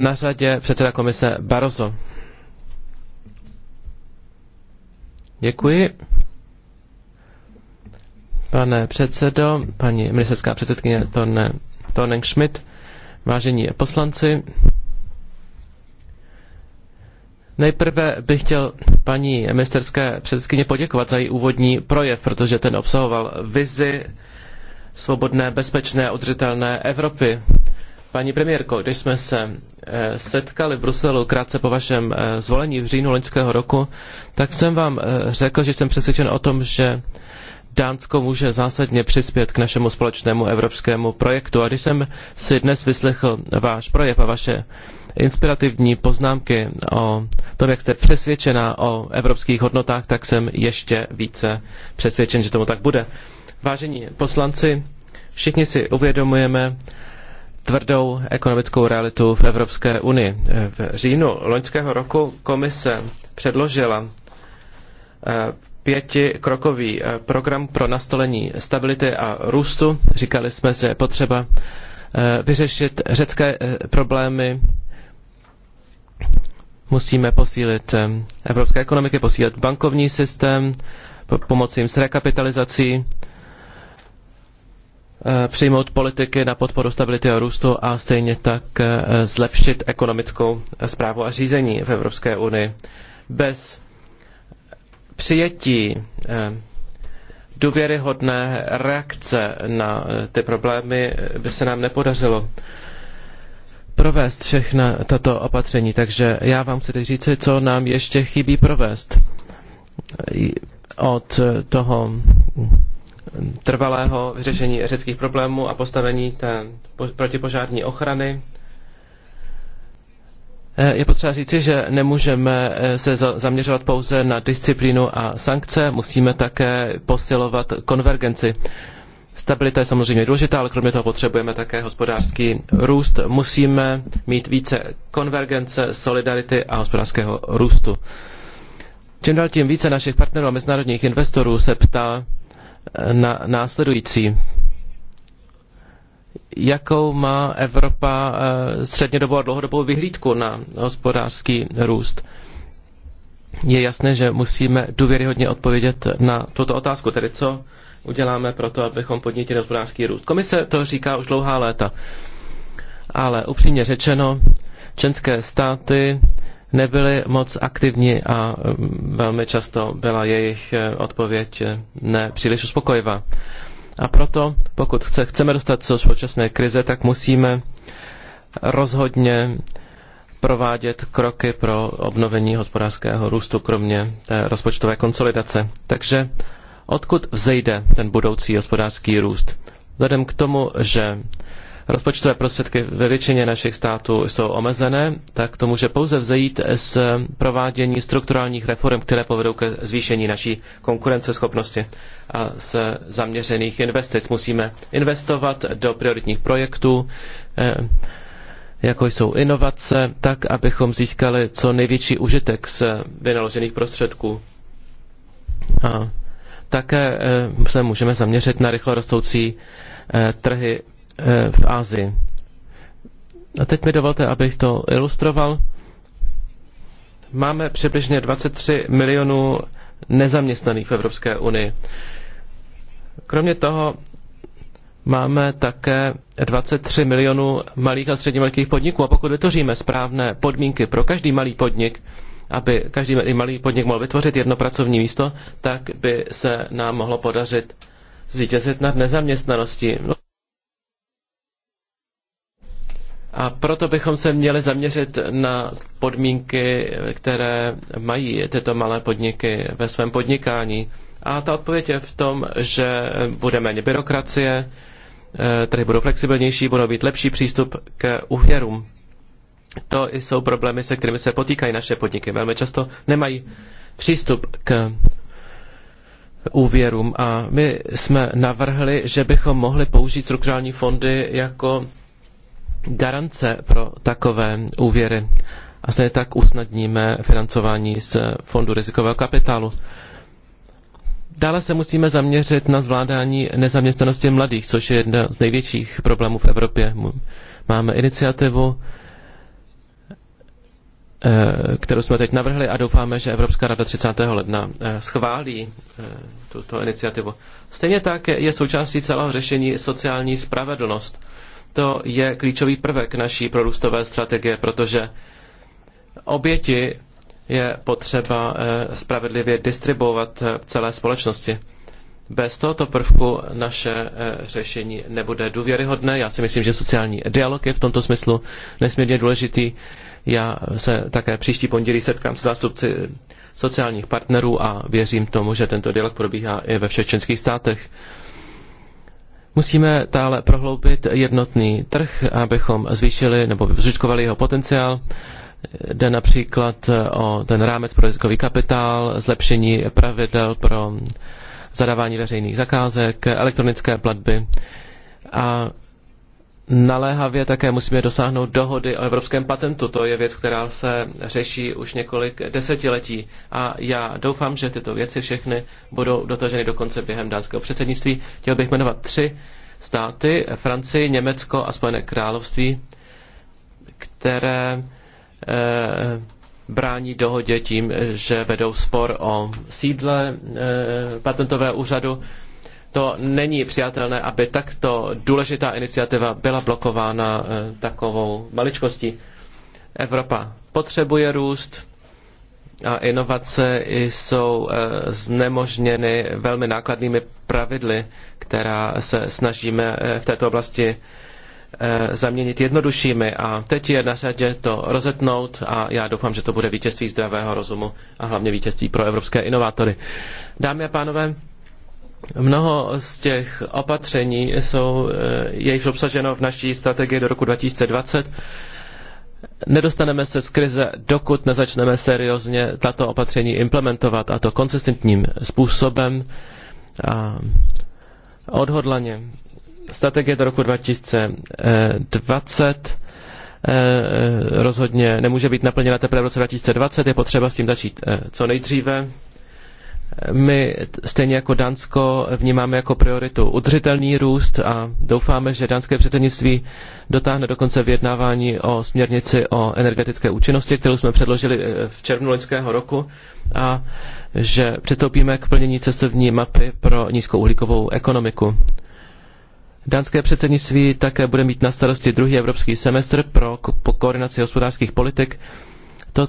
Na řadě předseda komise Barroso. Děkuji. Pane předsedo, paní ministerská předsedkyně Tonen Schmidt, vážení poslanci, Nejprve bych chtěl paní ministerské předsedkyně poděkovat za její úvodní projev, protože ten obsahoval vizi svobodné, bezpečné, udržitelné Evropy, Paní premiérko, když jsme se eh, setkali v Bruselu krátce po vašem eh, zvolení v říjnu loňského roku, tak jsem vám eh, řekl, že jsem přesvědčen o tom, že Dánsko může zásadně přispět k našemu společnému evropskému projektu. A když jsem si dnes vyslechl váš projev a vaše inspirativní poznámky o tom, jak jste přesvědčena o evropských hodnotách, tak jsem ještě více přesvědčen, že tomu tak bude. Vážení poslanci, všichni si uvědomujeme, tvrdou ekonomickou realitu v Evropské unii. V říjnu loňského roku komise předložila eh, pětikrokový eh, program pro nastolení stability a růstu. Říkali jsme, že je potřeba eh, vyřešit řecké problémy, musíme posílit evropské ekonomiky, posílit bankovní systém, pomoci jim s rekapitalizací, Eh, přijmout politiky na podporu stability a růstu a stejně tak eh, zlepšit ekonomickou zprávu a řízení v Evropské unii. Bez přijetí eh, důvěryhodné reakce na ty problémy by se nám nepodařilo provést všechna tato opatření. Takže já vám chci říct, říci, co nám ještě chybí provést od toho trvalého vyřešení řeckých problémů a postavení té protipožární ochrany. Eh, je potřeba říci, že nemůžeme eh, se zaměřovat pouze na disciplínu a sankce, musíme také posilovat konvergenci. Stabilita je samozřejmě důležitá, ale kromě toho potřebujeme také hospodářský růst. Musíme mít více konvergence, solidarity a hospodářského růstu. Čím dál tím více našich partnerů a mezinárodních investorů se ptá, na následující. Jakou má Evropa eh, střednědobou a dlouhodobou vyhlídku na hospodářský růst? Je jasné, že musíme důvěryhodně odpovědět na tuto otázku, tedy co uděláme pro to, abychom podnítili hospodářský růst. Komise to říká už dlouhá léta, ale upřímně řečeno, členské státy nebyli moc aktivní a mm, velmi často byla jejich eh, odpověď eh, nepříliš uspokojivá. A proto, pokud chce, chceme dostat se do současné krize, tak musíme rozhodně provádět kroky pro obnovení hospodářského růstu, kromě té rozpočtové konsolidace. Takže odkud vzejde ten budoucí hospodářský růst? Vzhledem k tomu, že rozpočtové prostředky ve většině našich států jsou omezené, tak to může pouze vzejít z provádění strukturálních reform, které povedou ke zvýšení naší konkurenceschopnosti a z zaměřených investic. Musíme investovat do prioritních projektů, eh, jako jsou inovace, tak, abychom získali co největší užitek z vynaložených prostředků. A také eh, se můžeme zaměřit na rychle rostoucí eh, trhy Eh, v Ázii. A teď mi dovolte, abych to ilustroval. Máme přibližně 23 milionů nezaměstnaných v Evropské unii. Kromě toho máme také 23 milionů malých a středně velkých podniků. A pokud vytvoříme správné podmínky pro každý malý podnik, aby každý malý podnik mohl vytvořit jedno pracovní místo, tak by se nám mohlo podařit zvítězit nad nezaměstnaností. A proto bychom se měli zaměřit na podmínky, které mají tyto malé podniky ve svém podnikání. A ta odpověď je v tom, že bude méně byrokracie, eh, tedy budou flexibilnější, budou být lepší přístup k úvěrům. To jsou problémy, se kterými se potýkají naše podniky. Velmi často nemají přístup k úvěrům a my jsme navrhli, že bychom mohli použít strukturální fondy jako garance pro takové úvěry a stejně tak usnadníme financování z fondu rizikového kapitálu. Dále se musíme zaměřit na zvládání nezaměstnanosti mladých, což je jedna z největších problémů v Evropě. Máme iniciativu, eh, kterou jsme teď navrhli a doufáme, že Evropská rada 30. ledna eh, schválí eh, tuto iniciativu. Stejně tak je součástí celého řešení sociální spravedlnost to je klíčový prvek naší prorůstové strategie, protože oběti je potřeba eh, spravedlivě distribuovat eh, v celé společnosti. Bez tohoto prvku naše eh, řešení nebude důvěryhodné. Já si myslím, že sociální dialog je v tomto smyslu nesmírně důležitý. Já se také příští pondělí setkám s zástupci sociálních partnerů a věřím tomu, že tento dialog probíhá i ve všech členských státech. Musíme dále prohloubit jednotný trh, abychom zvýšili nebo vyřičkovali jeho potenciál. Jde například o ten rámec pro rizikový kapitál, zlepšení pravidel pro zadávání veřejných zakázek, elektronické platby a Naléhavě také musíme dosáhnout dohody o evropském patentu. To je věc, která se řeší už několik desetiletí. A já doufám, že tyto věci všechny budou dotaženy dokonce během dánského předsednictví. Chtěl bych jmenovat tři státy, Francii, Německo a Spojené království, které eh, brání dohodě tím, že vedou spor o sídle eh, patentové úřadu to není přijatelné, aby takto důležitá iniciativa byla blokována eh, takovou maličkostí. Evropa potřebuje růst a inovace jsou eh, znemožněny velmi nákladnými pravidly, která se snažíme eh, v této oblasti zaměnit jednoduššími. A teď je na řadě to rozetnout a já doufám, že to bude vítězství zdravého rozumu a hlavně vítězství pro evropské inovátory. Dámy a pánové, Mnoho z těch opatření jsou, eh, je již obsaženo v naší strategii do roku 2020. Nedostaneme se z krize, dokud nezačneme seriózně tato opatření implementovat, a to konsistentním způsobem a odhodlaně. Strategie do roku 2020 eh, eh, rozhodně nemůže být naplněna teprve v roce 2020, je potřeba s tím začít co nejdříve my stejně jako Dánsko vnímáme jako prioritu udržitelný růst a doufáme, že dánské předsednictví dotáhne do konce vyjednávání o směrnici o energetické účinnosti, kterou jsme předložili eh, v červnu loňského roku a že přistoupíme k plnění cestovní mapy pro nízkouhlíkovou ekonomiku. Dánské předsednictví také bude mít na starosti druhý evropský semestr pro ko koordinaci hospodářských politik. To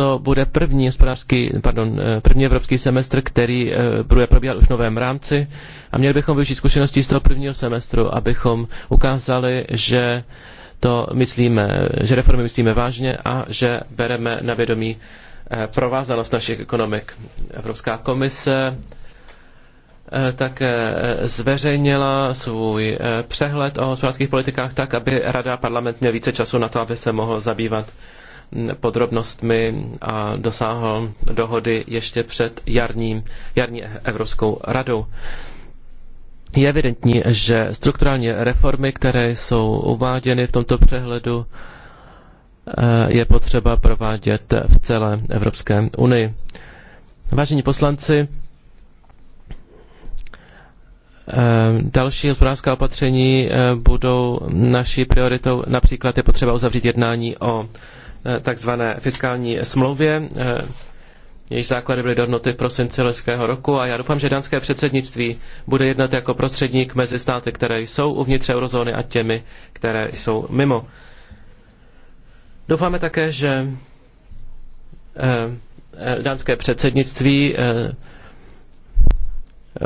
to bude první, pardon, eh, první evropský semestr, který eh, bude probíhat už v novém rámci a měli bychom využít zkušeností z toho prvního semestru, abychom ukázali, že to myslíme, že reformy myslíme vážně a že bereme na vědomí eh, provázanost našich ekonomik. Evropská komise také zveřejnila svůj přehled o hospodářských politikách tak, aby Rada parlament měl více času na to, aby se mohl zabývat podrobnostmi a dosáhl dohody ještě před jarním, jarní Evropskou radou. Je evidentní, že strukturální reformy, které jsou uváděny v tomto přehledu, eh, je potřeba provádět v celé Evropské unii. Vážení poslanci, eh, Další hospodářská opatření eh, budou naší prioritou. Například je potřeba uzavřít jednání o Eh, takzvané fiskální smlouvě, eh, jejíž základy byly dohodnuty v prosinci loňského roku a já doufám, že dánské předsednictví bude jednat jako prostředník mezi státy, které jsou uvnitř eurozóny a těmi, které jsou mimo. Doufáme také, že eh, dánské předsednictví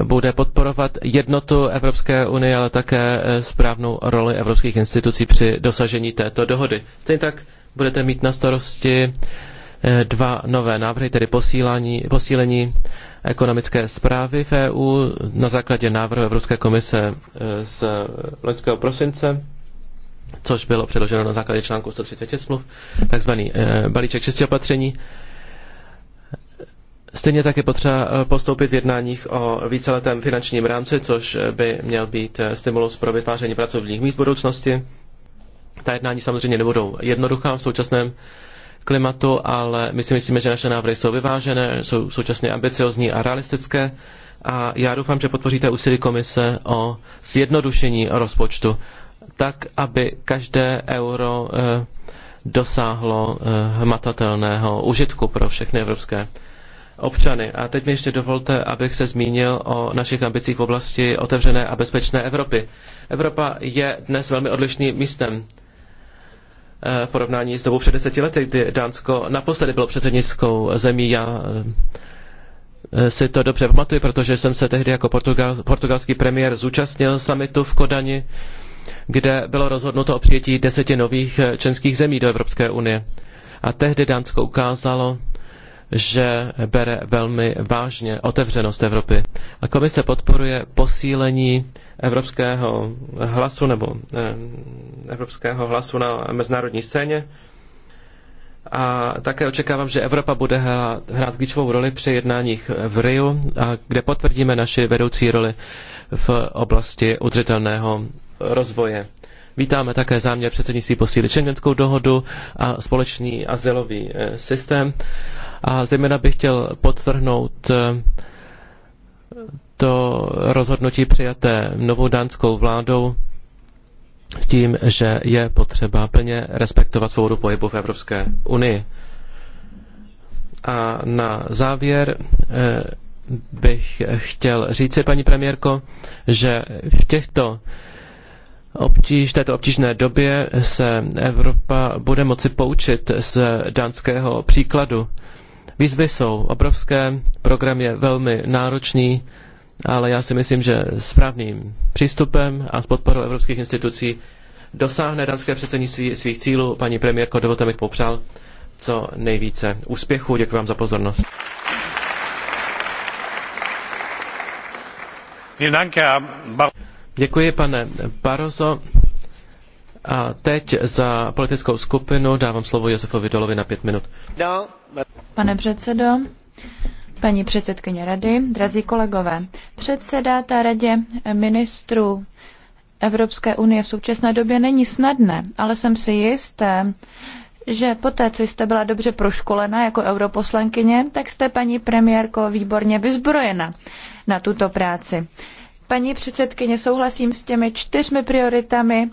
bude podporovat jednotu Evropské unie, ale také správnou roli evropských institucí při dosažení této dohody. Stejně tak budete mít na starosti eh, dva nové návrhy, tedy posílání, posílení ekonomické zprávy v EU na základě návrhu Evropské komise eh, z loňského prosince což bylo předloženo na základě článku 136 smluv, takzvaný eh, balíček čistě opatření. Stejně tak je potřeba postoupit v jednáních o víceletém finančním rámci, což by měl být stimulus pro vytváření pracovních míst v budoucnosti. Ta jednání samozřejmě nebudou jednoduchá v současném klimatu, ale my si myslíme, že naše návrhy jsou vyvážené, jsou současně ambiciozní a realistické a já doufám, že podpoříte úsilí komise o zjednodušení rozpočtu tak, aby každé euro eh, dosáhlo eh, hmatatelného užitku pro všechny evropské občany. A teď mi ještě dovolte, abych se zmínil o našich ambicích v oblasti otevřené a bezpečné Evropy. Evropa je dnes velmi odlišným místem Eh, porovnání s dobou před deseti lety, kdy Dánsko naposledy bylo předsednickou zemí. Já eh, eh, si to dobře pamatuju, protože jsem se tehdy jako portugal, portugalský premiér zúčastnil summitu v Kodani, kde bylo rozhodnuto o přijetí deseti nových členských zemí do Evropské unie. A tehdy Dánsko ukázalo, že bere velmi vážně otevřenost Evropy. A komise podporuje posílení evropského hlasu nebo eh, evropského hlasu na mezinárodní scéně. A také očekávám, že Evropa bude hrát klíčovou roli při jednáních v Riu, a kde potvrdíme naši vedoucí roli v oblasti udržitelného rozvoje. Vítáme také záměr předsednictví posílit Schengenskou dohodu a společný azylový eh, systém a zejména bych chtěl podtrhnout eh, to rozhodnutí přijaté novou dánskou vládou s tím, že je potřeba plně respektovat svobodu pohybu v Evropské unii. A na závěr eh, bych chtěl říci, paní premiérko, že v těchto obtíž, této obtížné době se Evropa bude moci poučit z dánského příkladu Výzvy jsou obrovské, program je velmi náročný, ale já si myslím, že správným přístupem a s podporou evropských institucí dosáhne danské předsednictví svých cílů. Paní premiérko, dovolte mi popřál co nejvíce úspěchu. Děkuji vám za pozornost. Děkuji, pane Barozo. A teď za politickou skupinu dávám slovo Josefovi Dolovi na pět minut. No, Pane předsedo, paní předsedkyně rady, drazí kolegové, předseda té radě ministrů Evropské unie v současné době není snadné, ale jsem si jisté, že poté, co jste byla dobře proškolena jako europoslankyně, tak jste paní premiérko výborně vyzbrojena na tuto práci. Paní předsedkyně, souhlasím s těmi čtyřmi prioritami,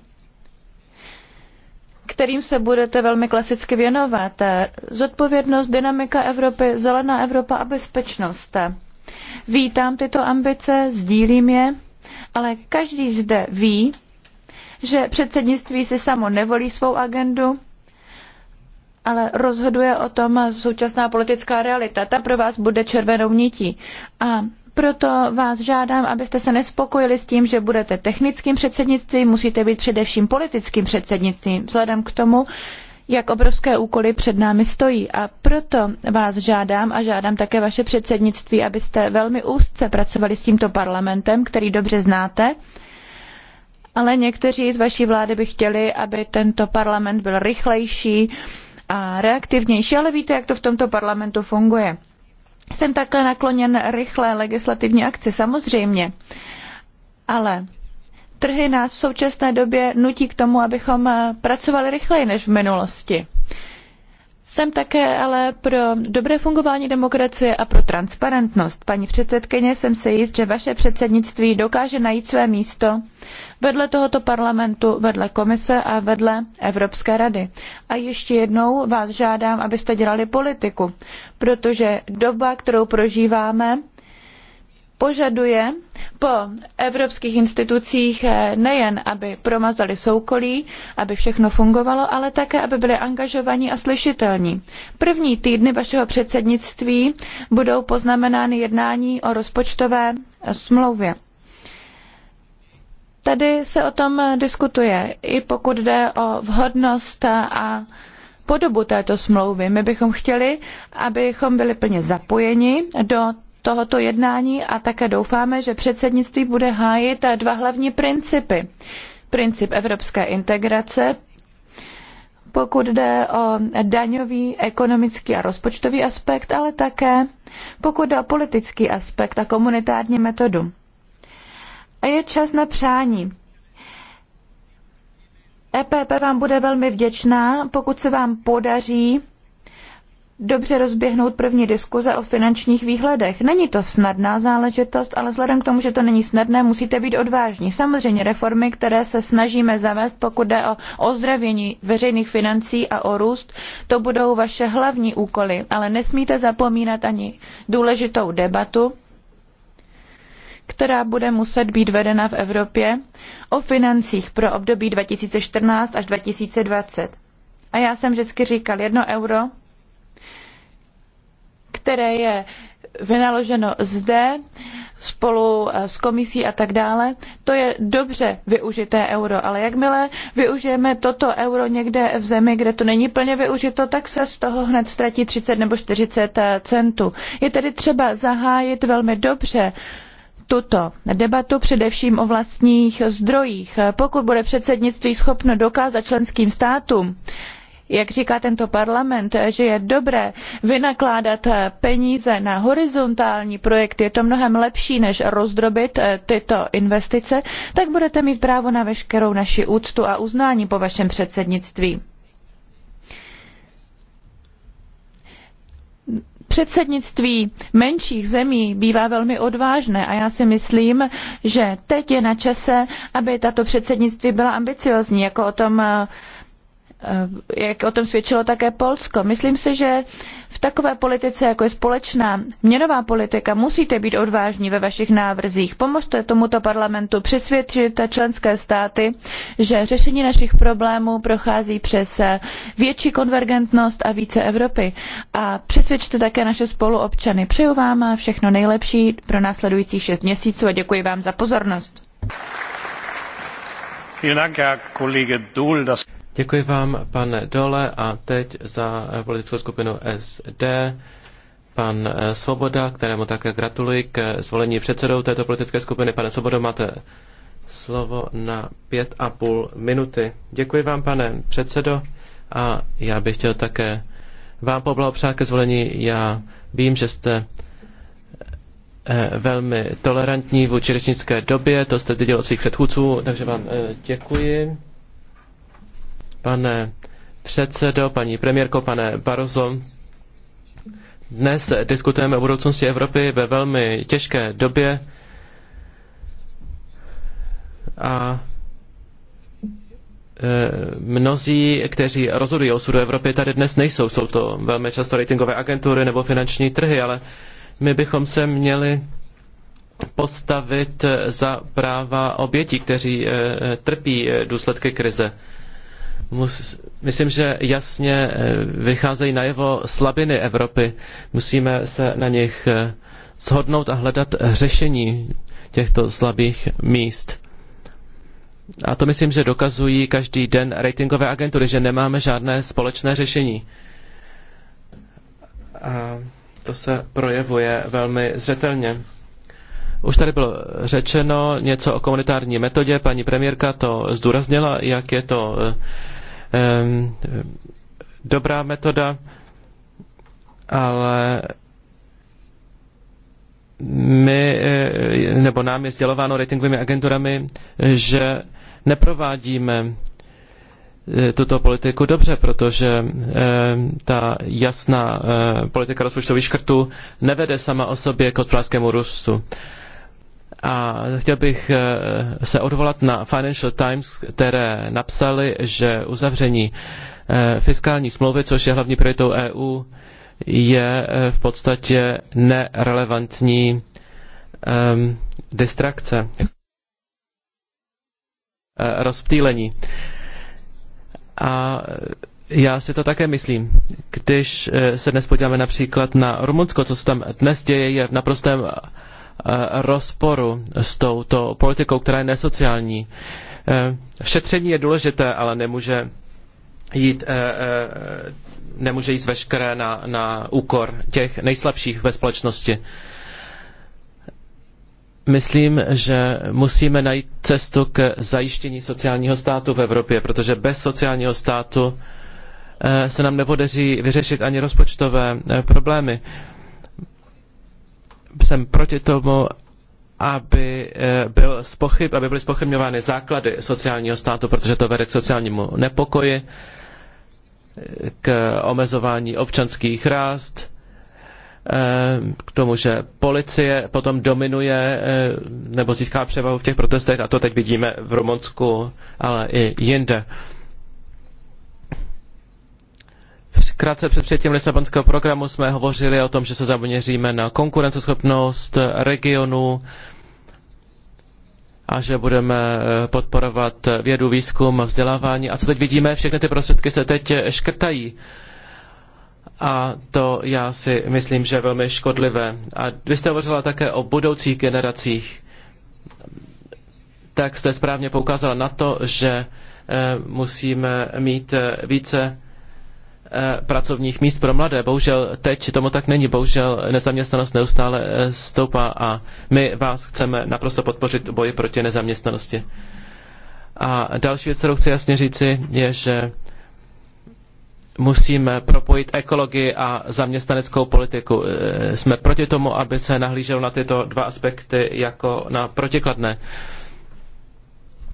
kterým se budete velmi klasicky věnovat. Zodpovědnost, dynamika Evropy, zelená Evropa a bezpečnost. Vítám tyto ambice, sdílím je, ale každý zde ví, že předsednictví si samo nevolí svou agendu, ale rozhoduje o tom současná politická realita. Ta pro vás bude červenou nití. A proto vás žádám, abyste se nespokojili s tím, že budete technickým předsednictvím, musíte být především politickým předsednictvím, vzhledem k tomu, jak obrovské úkoly před námi stojí. A proto vás žádám a žádám také vaše předsednictví, abyste velmi úzce pracovali s tímto parlamentem, který dobře znáte. Ale někteří z vaší vlády by chtěli, aby tento parlament byl rychlejší a reaktivnější, ale víte, jak to v tomto parlamentu funguje. Jsem také nakloněn rychlé legislativní akci, samozřejmě. Ale trhy nás v současné době nutí k tomu, abychom eh, pracovali rychleji než v minulosti. Jsem také ale pro dobré fungování demokracie a pro transparentnost. Paní předsedkyně, jsem si jist, že vaše předsednictví dokáže najít své místo vedle tohoto parlamentu, vedle komise a vedle Evropské rady. A ještě jednou vás žádám, abyste dělali politiku, protože doba, kterou prožíváme, požaduje po evropských institucích eh, nejen, aby promazali soukolí, aby všechno fungovalo, ale také, aby byli angažovaní a slyšitelní. První týdny vašeho předsednictví budou poznamenány jednání o rozpočtové smlouvě. Tady se o tom diskutuje, i pokud jde o vhodnost a podobu této smlouvy. My bychom chtěli, abychom byli plně zapojeni do tohoto jednání a také doufáme, že předsednictví bude hájit dva hlavní principy. Princip evropské integrace, pokud jde o daňový, ekonomický a rozpočtový aspekt, ale také pokud jde o politický aspekt a komunitární metodu. A je čas na přání. EPP vám bude velmi vděčná, pokud se vám podaří dobře rozběhnout první diskuze o finančních výhledech. Není to snadná záležitost, ale vzhledem k tomu, že to není snadné, musíte být odvážní. Samozřejmě reformy, které se snažíme zavést, pokud jde o ozdravění veřejných financí a o růst, to budou vaše hlavní úkoly, ale nesmíte zapomínat ani důležitou debatu, která bude muset být vedena v Evropě o financích pro období 2014 až 2020. A já jsem vždycky říkal, jedno euro které je vynaloženo zde spolu eh, s komisí a tak dále, to je dobře využité euro, ale jakmile využijeme toto euro někde v zemi, kde to není plně využito, tak se z toho hned ztratí 30 nebo 40 eh, centů. Je tedy třeba zahájit velmi dobře tuto debatu především o vlastních zdrojích. Pokud bude předsednictví schopno dokázat členským státům, jak říká tento parlament, že je dobré vynakládat peníze na horizontální projekty, je to mnohem lepší, než rozdrobit eh, tyto investice, tak budete mít právo na veškerou naši úctu a uznání po vašem předsednictví. Předsednictví menších zemí bývá velmi odvážné a já si myslím, že teď je na čase, aby tato předsednictví byla ambiciózní, jako o tom uh, Eh, jak o tom svědčilo také Polsko. Myslím si, že v takové politice, jako je společná měnová politika, musíte být odvážní ve vašich návrzích. Pomožte tomuto parlamentu přesvědčit členské státy, že řešení našich problémů prochází přes větší konvergentnost a více Evropy. A přesvědčte také naše spoluobčany. Přeju vám všechno nejlepší pro následujících šest měsíců a děkuji vám za pozornost. Děkuji vám, pane Dole, a teď za politickou skupinu SD pan eh, Svoboda, kterému také gratuluji k eh, zvolení předsedou této politické skupiny. Pane Svobodo, máte slovo na pět a půl minuty. Děkuji vám, pane předsedo, a já bych chtěl také vám poblahopřát ke zvolení. Já vím, že jste eh, velmi tolerantní v učerečnické době, to jste viděl od svých předchůdců, takže vám děkuji. Pane předsedo, paní premiérko, pane Barozo, dnes diskutujeme o budoucnosti Evropy ve velmi těžké době a e, mnozí, kteří rozhodují o osudu Evropy, tady dnes nejsou. Jsou to velmi často ratingové agentury nebo finanční trhy, ale my bychom se měli postavit za práva obětí, kteří e, e, trpí důsledky krize myslím, že jasně eh, vycházejí najevo slabiny Evropy. Musíme se na nich eh, shodnout a hledat řešení těchto slabých míst. A to myslím, že dokazují každý den ratingové agentury, že nemáme žádné společné řešení. A to se projevuje velmi zřetelně. Už tady bylo řečeno něco o komunitární metodě, paní premiérka to zdůraznila, jak je to eh, Ehm, dobrá metoda, ale my, eh, nebo nám je sdělováno ratingovými agenturami, že neprovádíme eh, tuto politiku dobře, protože eh, ta jasná politika rozpočtových škrtů nevede sama o sobě k hospodářskému růstu. A chtěl bych eh, se odvolat na Financial Times, které napsali, že uzavření eh, fiskální smlouvy, což je hlavní prioritou EU, je eh, v podstatě nerelevantní um, distrakce, rozptýlení. A já si to také myslím. Když se dnes podíváme například na Rumunsko, co se tam dnes děje, je v naprostém Eh, rozporu s touto politikou, která je nesociální. Eh, šetření je důležité, ale nemůže jít, eh, nemůže jít veškeré na, na úkor těch nejslabších ve společnosti. Myslím, že musíme najít cestu k zajištění sociálního státu v Evropě, protože bez sociálního státu se nám nepodaří vyřešit ani rozpočtové problémy jsem proti tomu, aby, eh, byl spochyb, aby byly spochybňovány základy sociálního státu, protože to vede k sociálnímu nepokoji, k omezování občanských rást, eh, k tomu, že policie potom dominuje eh, nebo získá převahu v těch protestech a to teď vidíme v Rumunsku, ale i jinde. Krátce před přijetím Lisabonského programu jsme hovořili o tom, že se zaměříme na konkurenceschopnost regionu a že budeme eh, podporovat vědu, výzkum, vzdělávání. A co teď vidíme, všechny ty prostředky se teď eh, škrtají. A to já si myslím, že je velmi škodlivé. A vy jste hovořila také o budoucích generacích. Tak jste správně poukázala na to, že eh, musíme mít více Eh, pracovních míst pro mladé. Bohužel teď tomu tak není. Bohužel nezaměstnanost neustále eh, stoupá a my vás chceme naprosto podpořit v boji proti nezaměstnanosti. A další věc, kterou chci jasně říci, je, že musíme propojit ekologii a zaměstnaneckou politiku. Eh, jsme proti tomu, aby se nahlíželo na tyto dva aspekty jako na protikladné.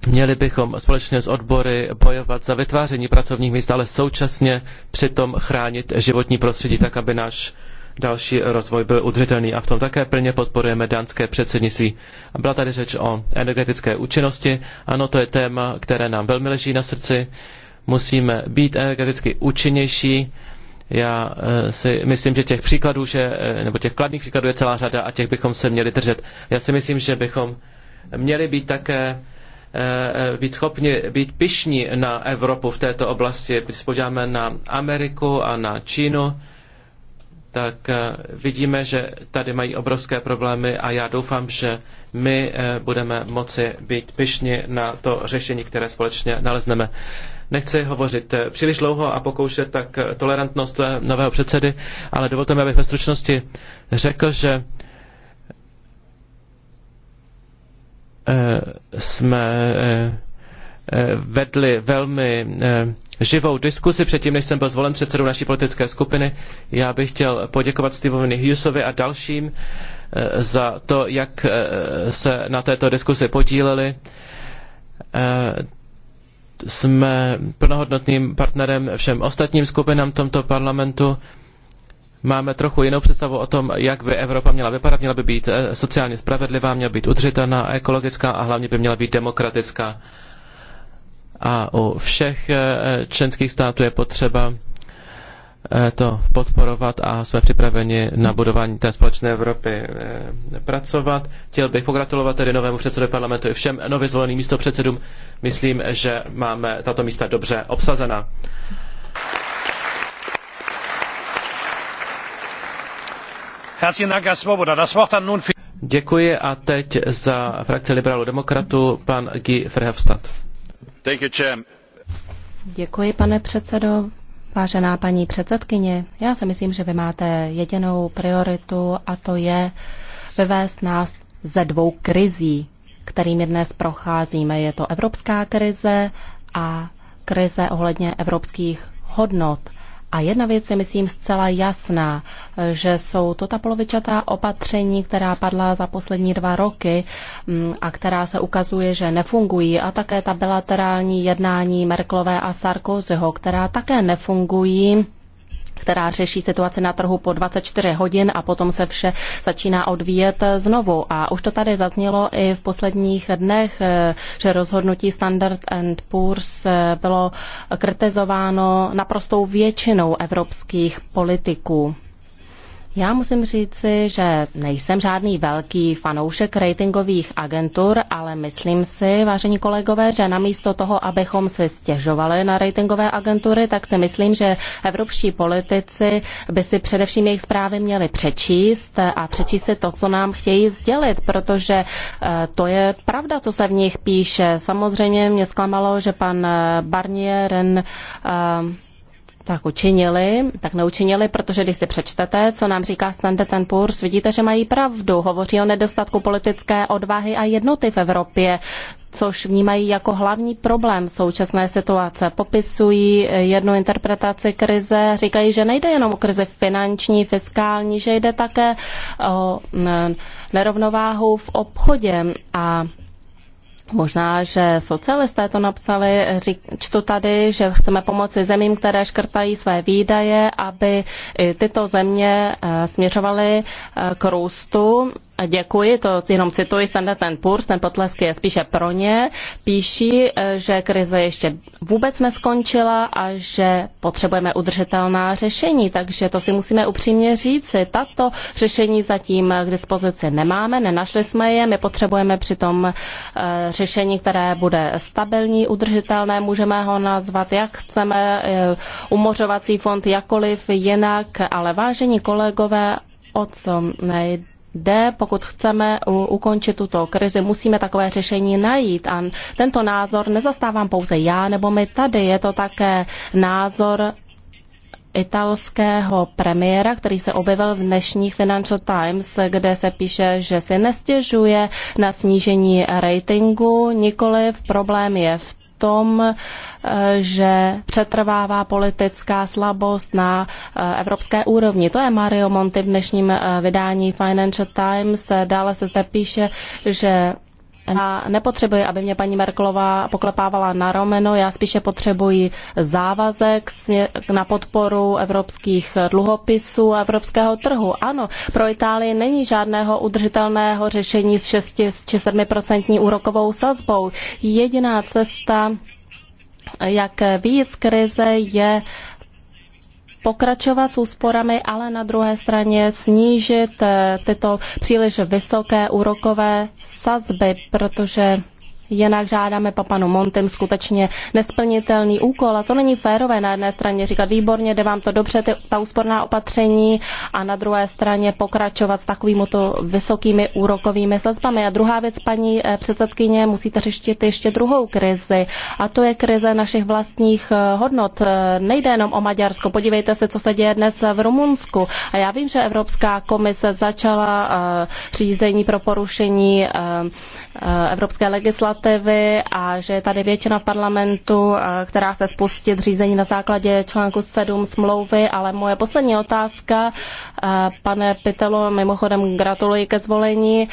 Měli bychom společně s odbory bojovat za vytváření pracovních míst, ale současně přitom chránit životní prostředí tak, aby náš další rozvoj byl udržitelný. A v tom také plně podporujeme dánské předsednictví. Byla tady řeč o energetické účinnosti. Ano, to je téma, které nám velmi leží na srdci. Musíme být energeticky účinnější. Já eh, si myslím, že těch příkladů, že, eh, nebo těch kladných příkladů je celá řada a těch bychom se měli držet. Já si myslím, že bychom měli být také Eh, eh, být schopni být pišní na Evropu v této oblasti. Když podíváme na Ameriku a na Čínu, tak eh, vidíme, že tady mají obrovské problémy a já doufám, že my budeme moci být pišní na to řešení, které společně nalezneme. Nechci hovořit příliš dlouho a pokoušet tak tolerantnost nového předsedy, ale dovolte mi, abych ve stručnosti řekl, že Eh, jsme eh, eh, vedli velmi živou diskusi předtím, než jsem byl zvolen předsedou naší politické skupiny. Já bych chtěl poděkovat Steveovi Hughesovi a dalším za to, jak se na této diskusi podíleli. Jsme plnohodnotným partnerem všem ostatním skupinám tomto parlamentu máme trochu jinou představu o tom, jak by Evropa měla vypadat. Měla by být eh, sociálně spravedlivá, měla být udržitelná, ekologická a hlavně by měla být demokratická. A u všech eh, členských států je potřeba eh, to podporovat a jsme připraveni na budování té společné Evropy pracovat. Chtěl bych pogratulovat tedy novému předsedovi parlamentu i všem nově zvoleným místopředsedům. Myslím, že máme tato místa dobře obsazena. Děkuji a teď za frakci liberálů demokratů pan Guy Verhofstadt. Děkuji, pane předsedo. Vážená paní předsedkyně, já si myslím, že vy máte jedinou prioritu a to je vyvést nás ze dvou krizí, kterými dnes procházíme. Je to evropská krize a krize ohledně evropských hodnot. A jedna věc je, myslím, zcela jasná, že jsou to ta polovičatá opatření, která padla za poslední dva roky mm, a která se ukazuje, že nefungují. A také ta bilaterální jednání Merklové a Sarkozyho, která také nefungují která řeší situaci na trhu po 24 hodin a potom se vše začíná odvíjet znovu. A už to tady zaznělo i v posledních dnech, eh, že rozhodnutí Standard and Poor's eh, bylo kritizováno naprostou většinou evropských politiků. Já musím říci, že nejsem žádný velký fanoušek ratingových agentur, ale myslím si, vážení kolegové, že namísto toho, abychom se stěžovali na ratingové agentury, tak si myslím, že evropští politici by si především jejich zprávy měli přečíst a přečíst si to, co nám chtějí sdělit, protože eh, to je pravda, co se v nich píše. Samozřejmě mě zklamalo, že pan eh, Barnier, eh, tak učinili, tak neučinili, protože když si přečtete, co nám říká Standard Poor's, vidíte, že mají pravdu. Hovoří o nedostatku politické odvahy a jednoty v Evropě, což vnímají jako hlavní problém současné situace. Popisují jednu interpretaci krize, říkají, že nejde jenom o krizi finanční, fiskální, že jde také o nerovnováhu v obchodě a Možná, že socialisté to napsali, řík, čtu tady, že chceme pomoci zemím, které škrtají své výdaje, aby i tyto země eh, směřovaly eh, k růstu Děkuji, to jenom cituji Standard Poor's, ten potlesk je spíše pro ně. Píší, eh, že krize ještě vůbec neskončila a že potřebujeme udržitelná řešení, takže to si musíme upřímně říci. Tato řešení zatím k dispozici nemáme, nenašli jsme je, my potřebujeme přitom eh, řešení, které bude stabilní, udržitelné, můžeme ho nazvat jak chceme, eh, umořovací fond jakoliv jinak, ale vážení kolegové, o co nejde? jde, pokud chceme ukončit tuto krizi, musíme takové řešení najít. A tento názor nezastávám pouze já nebo my tady, je to také názor italského premiéra, který se objevil v dnešních Financial Times, kde se píše, že si nestěžuje na snížení ratingu, nikoliv problém je v tom, eh, že přetrvává politická slabost na eh, evropské úrovni. To je Mario Monti v dnešním eh, vydání Financial Times. Dále se zde píše, že já nepotřebuji, aby mě paní Merklová poklepávala na romeno, já spíše potřebuji závazek na podporu evropských dluhopisů a evropského trhu. Ano, pro Itálii není žádného udržitelného řešení s 6 či 7 úrokovou sazbou. Jediná cesta jak víc krize je pokračovat s úsporami, ale na druhé straně snížit eh, tyto příliš vysoké úrokové sazby, protože jinak žádáme po panu Montem skutečně nesplnitelný úkol a to není férové na jedné straně říkat výborně, jde vám to dobře, ty, ta úsporná opatření a na druhé straně pokračovat s takovými to vysokými úrokovými sazbami. A druhá věc, paní eh, předsedkyně, musíte řešit ještě druhou krizi a to je krize našich vlastních eh, hodnot. Eh, nejde jenom o Maďarsko, podívejte se, co se děje dnes v Rumunsku. A já vím, že Evropská komise začala řízení pro porušení Eh, evropské legislativy a že je tady většina parlamentu, eh, která chce spustit řízení na základě článku 7 smlouvy, ale moje poslední otázka, eh, pane Pitelo, mimochodem gratuluji ke zvolení,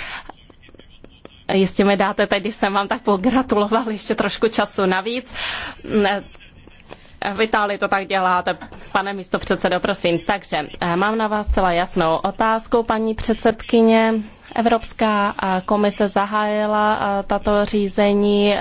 Jistě mi dáte teď, když jsem vám tak pogratuloval, ještě trošku času navíc v Itálii to tak děláte, pane místo předsedo, prosím. Takže eh, mám na vás celá jasnou otázku, paní předsedkyně. Evropská eh, komise zahájila eh, tato řízení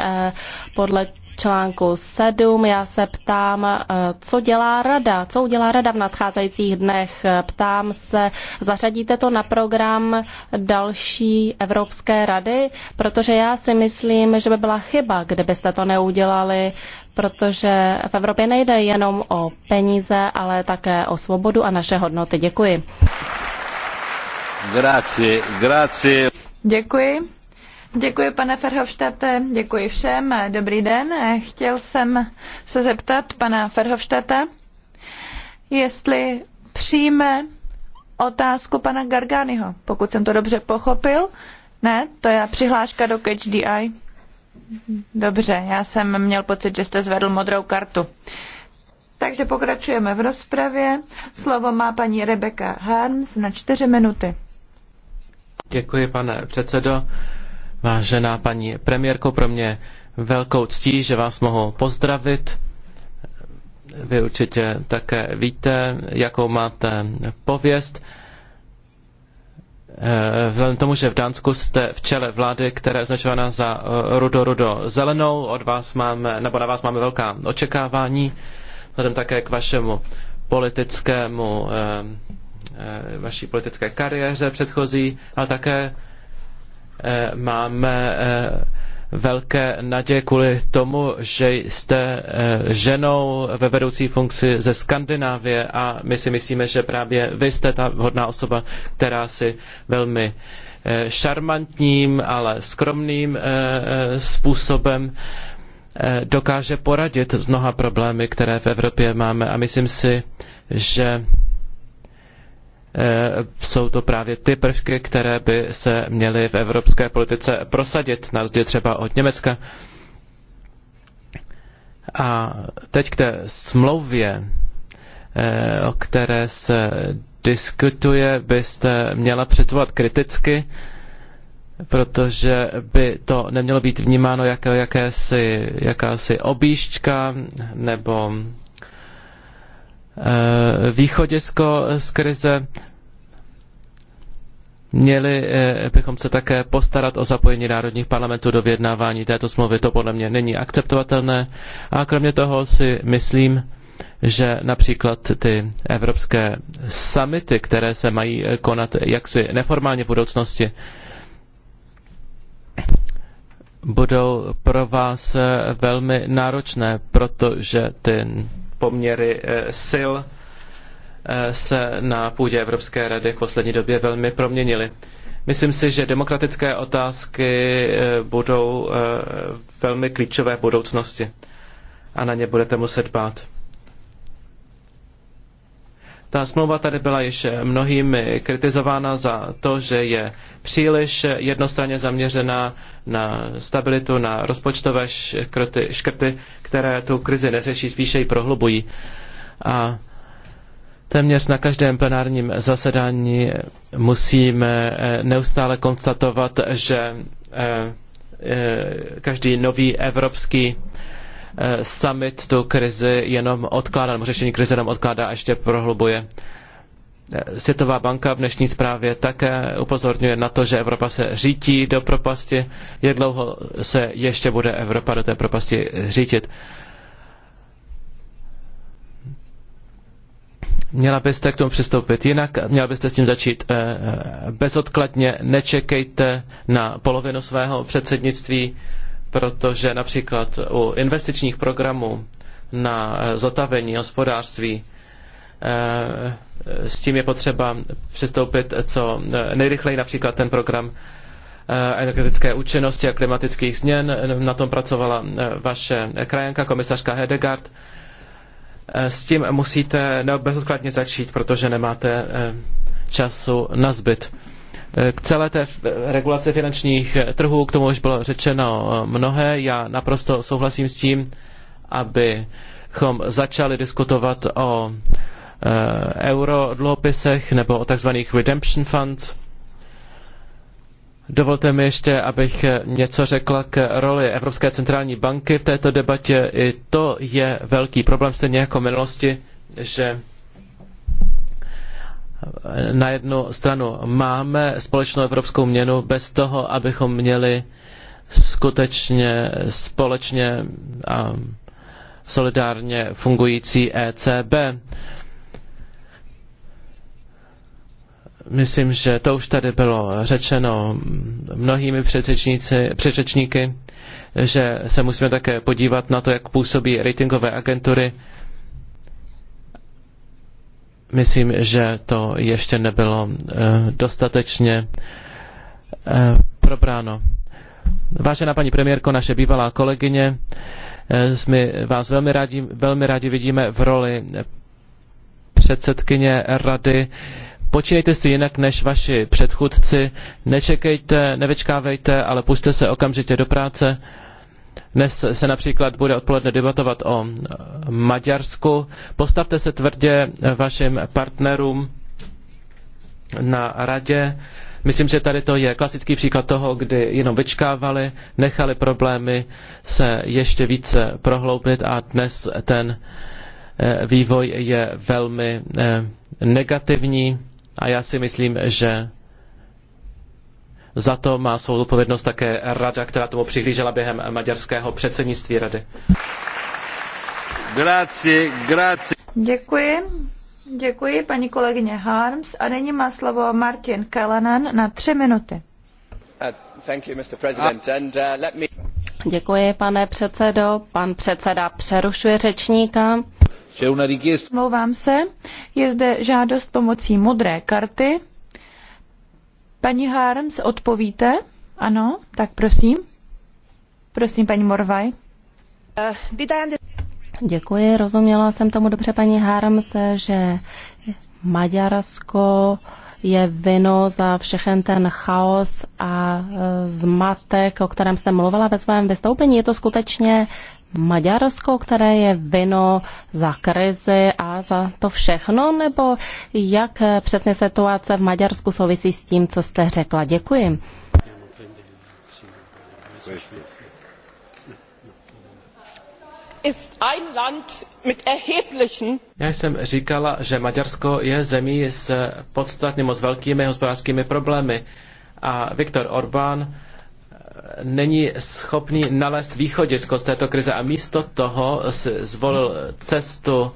podle článku 7. Já se ptám, co dělá rada, co udělá rada v nadcházejících dnech. Ptám se, zařadíte to na program další Evropské rady, protože já si myslím, že by byla chyba, kdybyste to neudělali, protože v Evropě nejde jenom o peníze, ale také o svobodu a naše hodnoty. Děkuji. Grazie, grazie. Děkuji. Děkuji, pane Ferhovštate, děkuji všem. Dobrý den. Chtěl jsem se zeptat pana Ferhovštata, jestli přijme otázku pana Garganiho, pokud jsem to dobře pochopil. Ne, to je přihláška do Catch Dobře, já jsem měl pocit, že jste zvedl modrou kartu. Takže pokračujeme v rozpravě. Slovo má paní Rebeka Harms na čtyři minuty. Děkuji, pane předsedo. Vážená paní premiérko, pro mě velkou ctí, že vás mohu pozdravit. Vy určitě také víte, jakou máte pověst. Eh, vzhledem tomu, že v Dánsku jste v čele vlády, která je označována za rudo-rudo eh, zelenou, od vás máme, nebo na vás máme velká očekávání, vzhledem také k vašemu politickému, eh, vaší politické kariéře předchozí, ale také máme velké naděje kvůli tomu, že jste eh, ženou ve vedoucí funkci ze Skandinávie a my si myslíme, že právě vy jste ta vhodná osoba, která si velmi eh, šarmantním, ale skromným eh, způsobem dokáže poradit s mnoha problémy, které v Evropě máme a myslím si, že Eh, jsou to právě ty prvky, které by se měly v evropské politice prosadit, na rozdíl třeba od Německa. A teď k té smlouvě, eh, o které se diskutuje, byste měla přitovat kriticky, protože by to nemělo být vnímáno jako jakési, jakási objížďka nebo Eh, východisko z krize. Měli eh, bychom se také postarat o zapojení národních parlamentů do vyjednávání této smlouvy. To podle mě není akceptovatelné. A kromě toho si myslím, že například ty evropské summity, které se mají eh, konat jaksi neformálně v budoucnosti, budou pro vás velmi náročné, protože ten poměry eh, sil eh, se na půdě Evropské rady v poslední době velmi proměnily. Myslím si, že demokratické otázky eh, budou velmi klíčové v budoucnosti a na ně budete muset dbát. Ta smlouva tady byla již mnohými kritizována za to, že je příliš jednostranně zaměřená na stabilitu, na rozpočtové škrty, škrty které tu krizi neřeší, spíše ji prohlubují. A téměř na každém plenárním zasedání musíme eh, neustále konstatovat, že eh, eh, každý nový evropský Eh, summit tu krizi jenom odkládá, nebo řešení krize jenom odkládá a ještě prohlubuje. Eh, Světová banka v dnešní zprávě také upozorňuje na to, že Evropa se řítí do propasti. Jak dlouho se ještě bude Evropa do té propasti řítit? Měla byste k tomu přistoupit jinak, měla byste s tím začít eh, bezodkladně, nečekejte na polovinu svého předsednictví protože například u investičních programů na eh, zotavení hospodářství eh, s tím je potřeba přistoupit co eh, nejrychleji, například ten program energetické účinnosti a klimatických změn. Na tom pracovala vaše krajenka, komisařka Hedegard. S tím musíte bezodkladně začít, protože nemáte času na zbyt. K celé té regulaci finančních trhů, k tomu už bylo řečeno mnohé, já naprosto souhlasím s tím, abychom začali diskutovat o eh, euro dluhopisech nebo o takzvaných redemption funds. Dovolte mi ještě, abych něco řekla k roli Evropské centrální banky v této debatě. I to je velký problém, stejně jako v minulosti, že na jednu stranu máme společnou evropskou měnu bez toho, abychom měli skutečně společně a solidárně fungující ECB. Myslím, že to už tady bylo řečeno mnohými předřečníky, že se musíme také podívat na to, jak působí ratingové agentury Myslím, že to ještě nebylo eh, dostatečně eh, probráno. Vážená paní premiérko, naše bývalá kolegyně, eh, my vás velmi rádi, velmi rádi vidíme v roli předsedkyně rady. Počínejte si jinak než vaši předchůdci. Nečekejte, nevečkávejte, ale puste se okamžitě do práce. Dnes se například bude odpoledne debatovat o Maďarsku. Postavte se tvrdě vašim partnerům na radě. Myslím, že tady to je klasický příklad toho, kdy jenom vyčkávali, nechali problémy se ještě více prohloubit a dnes ten eh, vývoj je velmi eh, negativní a já si myslím, že za to má svou odpovědnost také rada, která tomu přihlížela během maďarského předsednictví rady. Grazie, grazie. Děkuji. Děkuji paní kolegyně Harms a nyní má slovo Martin Kalanan na tři minuty. Uh, uh, Děkuji, pane předsedo. Pan předseda přerušuje řečníka. Mluvám se. Je zde žádost pomocí modré karty. Paní se odpovíte? Ano, tak prosím. Prosím, paní Morvaj. Děkuji, rozuměla jsem tomu dobře, paní se, že Maďarsko je vino za všechen ten chaos a e, zmatek, o kterém jste mluvila ve svém vystoupení. Je to skutečně Maďarsko, které je vino za krizi a za to všechno, nebo jak přesně situace v Maďarsku souvisí s tím, co jste řekla? Děkuji. Já jsem říkala, že Maďarsko je zemí s podstatným moc velkými hospodářskými problémy. A Viktor Orbán není schopný nalézt východisko z této krize a místo toho zvolil cestu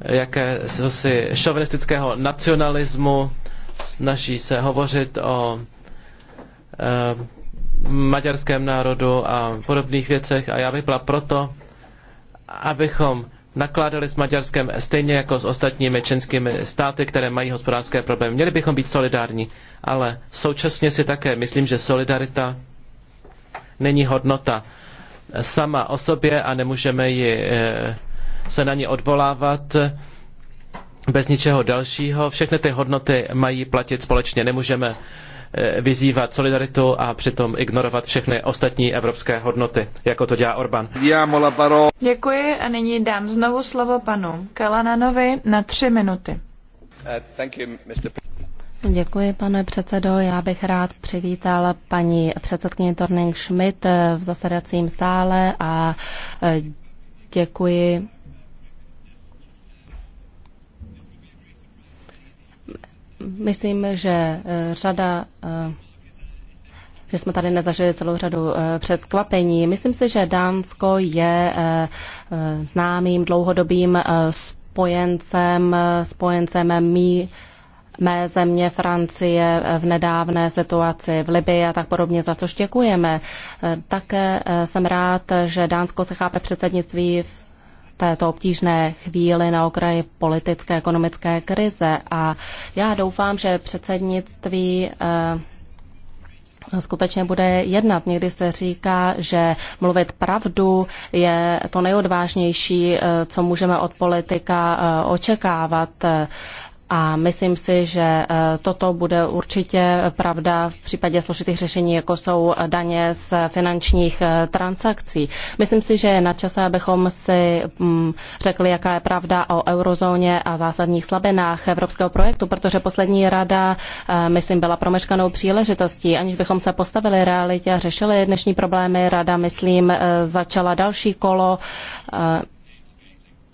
jakéhosi šovinistického nacionalismu, snaží se hovořit o eh, maďarském národu a podobných věcech a já bych byla proto, abychom nakládali s Maďarskem stejně jako s ostatními členskými státy, které mají hospodářské problémy. Měli bychom být solidární, ale současně si také myslím, že solidarita není hodnota sama o sobě a nemůžeme ji, eh, se na ní odvolávat bez ničeho dalšího. Všechny ty hodnoty mají platit společně. Nemůžeme eh, vyzývat solidaritu a přitom ignorovat všechny ostatní evropské hodnoty, jako to dělá Orbán. Děkuji a nyní dám znovu slovo panu Kalananovi na tři minuty. Uh, Děkuji, pane předsedo. Já bych rád přivítal paní předsedkyni Torning Schmidt v zasedacím sále a e, děkuji Myslím, že e, řada e, že jsme tady nezažili celou řadu předkvapení. Myslím si, že Dánsko je známým dlouhodobým spojencem, spojencem Uh, mé země Francie v nedávné situaci v Libii a tak podobně, za což děkujeme. Eh, také eh, jsem rád, že Dánsko se chápe předsednictví v této obtížné chvíli na okraji politické ekonomické krize a já doufám, že předsednictví eh, skutečně bude jednat. Někdy se říká, že mluvit pravdu je to nejodvážnější, co můžeme od politika očekávat. A myslím si, že eh, toto bude určitě pravda v případě složitých řešení, jako jsou daně z finančních eh, transakcí. Myslím si, že je na čase, abychom si mm, řekli, jaká je pravda o eurozóně a zásadních slabinách evropského projektu, protože poslední rada, eh, myslím, byla promeškanou příležitostí. Aniž bychom se postavili realitě a řešili dnešní problémy, rada, myslím, začala další kolo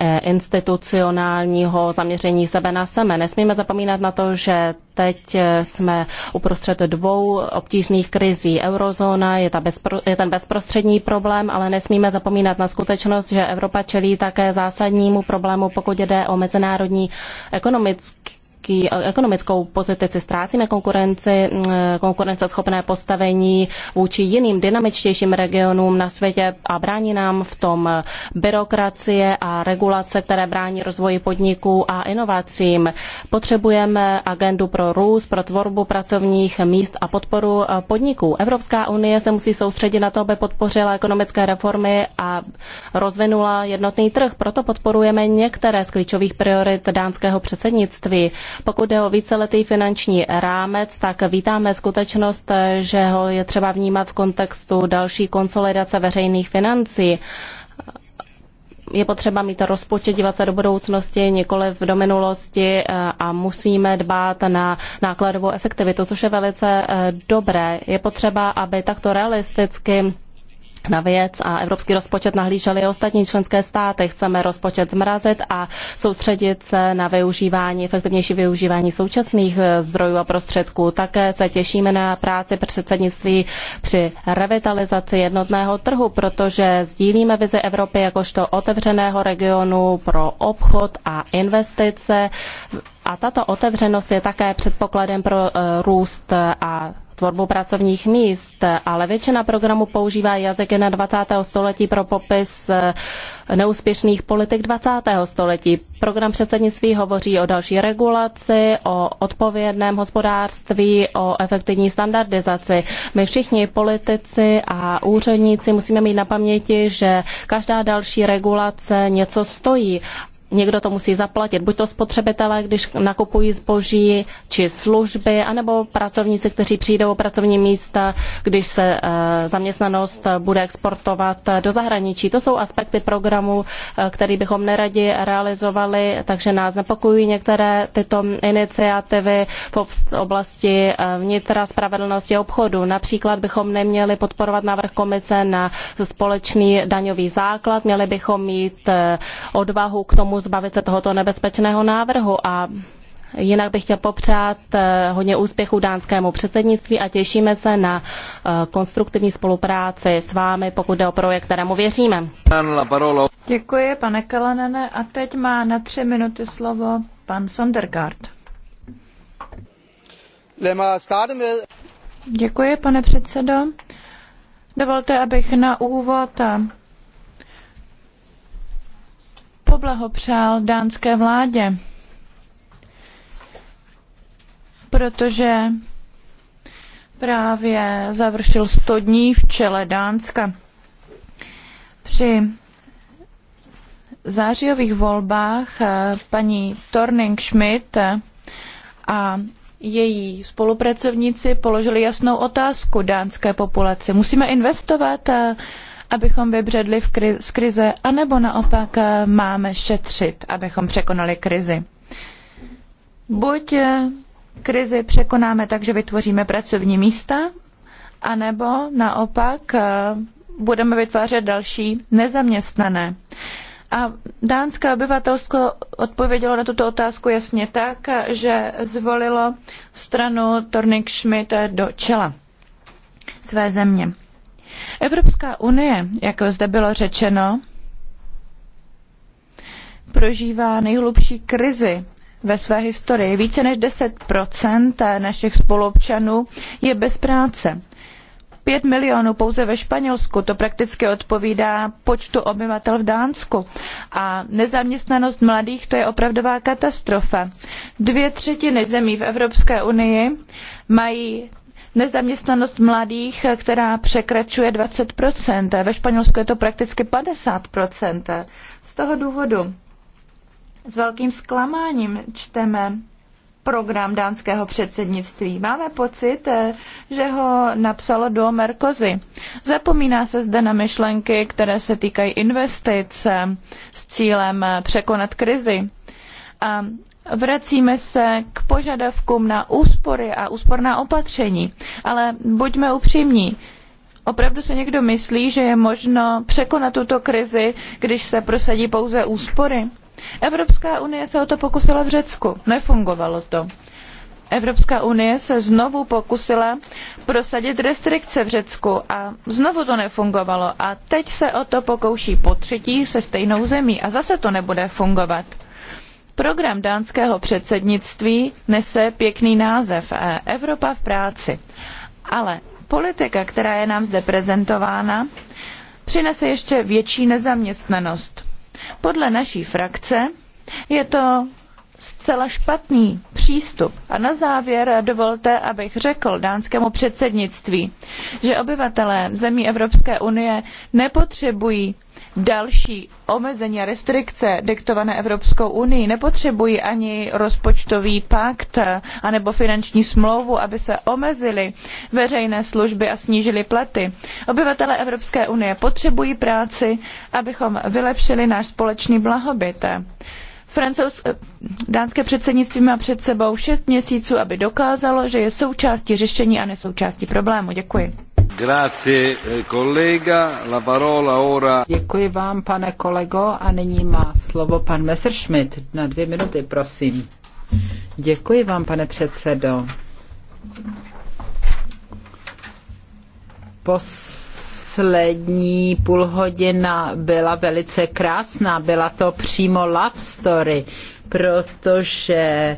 Eh, institucionálního zaměření sebe na sebe. Nesmíme zapomínat na to, že teď eh, jsme uprostřed dvou obtížných krizí. Eurozóna je, ta bezpro, je ten bezprostřední problém, ale nesmíme zapomínat na skutečnost, že Evropa čelí také zásadnímu problému, pokud jde o mezinárodní ekonomický ekonomický, ekonomickou pozici, ztrácíme konkurenci, eh, konkurenceschopné postavení vůči jiným dynamičtějším regionům na světě a brání nám v tom byrokracie a regulace, které brání rozvoji podniků a inovacím. Potřebujeme agendu pro růst, pro tvorbu pracovních míst a podporu eh, podniků. Evropská unie se musí soustředit na to, aby podpořila ekonomické reformy a rozvinula jednotný trh. Proto podporujeme některé z klíčových priorit dánského předsednictví. Pokud jde o víceletý finanční rámec, tak vítáme skutečnost, že ho je třeba vnímat v kontextu další konsolidace veřejných financí je potřeba mít rozpočet, dívat se do budoucnosti, nikoli do minulosti eh, a musíme dbát na nákladovou efektivitu, což je velice eh, dobré. Je potřeba, aby takto realisticky na věc a evropský rozpočet nahlíželi i ostatní členské státy. Chceme rozpočet zmrazit a soustředit se na využívání, efektivnější využívání současných eh, zdrojů a prostředků. Také se těšíme na práci předsednictví při revitalizaci jednotného trhu, protože sdílíme vizi Evropy jakožto otevřeného regionu pro obchod a investice. A tato otevřenost je také předpokladem pro eh, růst a tvorbu pracovních míst, ale většina programu používá jazyk 21. století pro popis eh, neúspěšných politik 20. století. Program předsednictví hovoří o další regulaci, o odpovědném hospodářství, o efektivní standardizaci. My všichni politici a úředníci musíme mít na paměti, že každá další regulace něco stojí někdo to musí zaplatit, buď to spotřebitelé, když nakupují zboží či služby, anebo pracovníci, kteří přijdou o pracovní místa, když se eh, zaměstnanost bude exportovat eh, do zahraničí. To jsou aspekty programu, eh, který bychom neradi realizovali, takže nás nepokojují některé tyto iniciativy v oblasti vnitra, spravedlnosti a obchodu. Například bychom neměli podporovat návrh komise na společný daňový základ, měli bychom mít odvahu k tomu, programu zbavit se tohoto nebezpečného návrhu a Jinak bych chtěl popřát eh, hodně úspěchů dánskému předsednictví a těšíme se na eh, konstruktivní spolupráci s vámi, pokud jde o projekt, kterému věříme. Děkuji, pane Kalanene. A teď má na tři minuty slovo pan Sondergaard. Děkuji, pane předsedo. Dovolte, abych na úvod poblahopřál dánské vládě, protože právě završil 100 dní v čele Dánska. Při zářijových volbách eh, paní Torning Schmidt a její spolupracovníci položili jasnou otázku dánské populaci. Musíme investovat eh, abychom vybředli v kriz, z krize, anebo naopak eh, máme šetřit, abychom překonali krizi. Buď eh, krizi překonáme tak, že vytvoříme pracovní místa, anebo naopak eh, budeme vytvářet další nezaměstnané. A dánské obyvatelstvo odpovědělo na tuto otázku jasně tak, že zvolilo stranu Tornik Schmidt do čela své země. Evropská unie, jak zde bylo řečeno, prožívá nejhlubší krizi ve své historii. Více než 10 našich spoluobčanů je bez práce. 5 milionů pouze ve Španělsku, to prakticky odpovídá počtu obyvatel v Dánsku. A nezaměstnanost mladých to je opravdová katastrofa. Dvě třetiny zemí v Evropské unii mají nezaměstnanost mladých, která překračuje 20%. Ve Španělsku je to prakticky 50%. Z toho důvodu s velkým zklamáním čteme program dánského předsednictví. Máme pocit, že ho napsalo do Merkozy. Zapomíná se zde na myšlenky, které se týkají investic s cílem překonat krizi. A vracíme se k požadavkům na úspory a úsporná opatření. Ale buďme upřímní. Opravdu se někdo myslí, že je možno překonat tuto krizi, když se prosadí pouze úspory? Evropská unie se o to pokusila v Řecku. Nefungovalo to. Evropská unie se znovu pokusila prosadit restrikce v Řecku a znovu to nefungovalo. A teď se o to pokouší po třetí se stejnou zemí a zase to nebude fungovat. Program dánského předsednictví nese pěkný název eh, Evropa v práci. Ale politika, která je nám zde prezentována, přinese ještě větší nezaměstnanost. Podle naší frakce je to zcela špatný přístup. A na závěr dovolte, abych řekl dánskému předsednictví, že obyvatelé zemí Evropské unie nepotřebují další omezení a restrikce diktované Evropskou unii, nepotřebují ani rozpočtový pakt anebo finanční smlouvu, aby se omezily veřejné služby a snížily platy. Obyvatelé Evropské unie potřebují práci, abychom vylepšili náš společný blahobyt. Francouz, dánské předsednictví má před sebou šest měsíců, aby dokázalo, že je součástí řešení a ne součástí problému. Děkuji. Eh, Děkuji vám, pane kolego, a nyní má slovo pan Messerschmidt. Na dvě minuty, prosím. Děkuji vám, pane předsedo. Poslední půlhodina byla velice krásná, byla to přímo love story, protože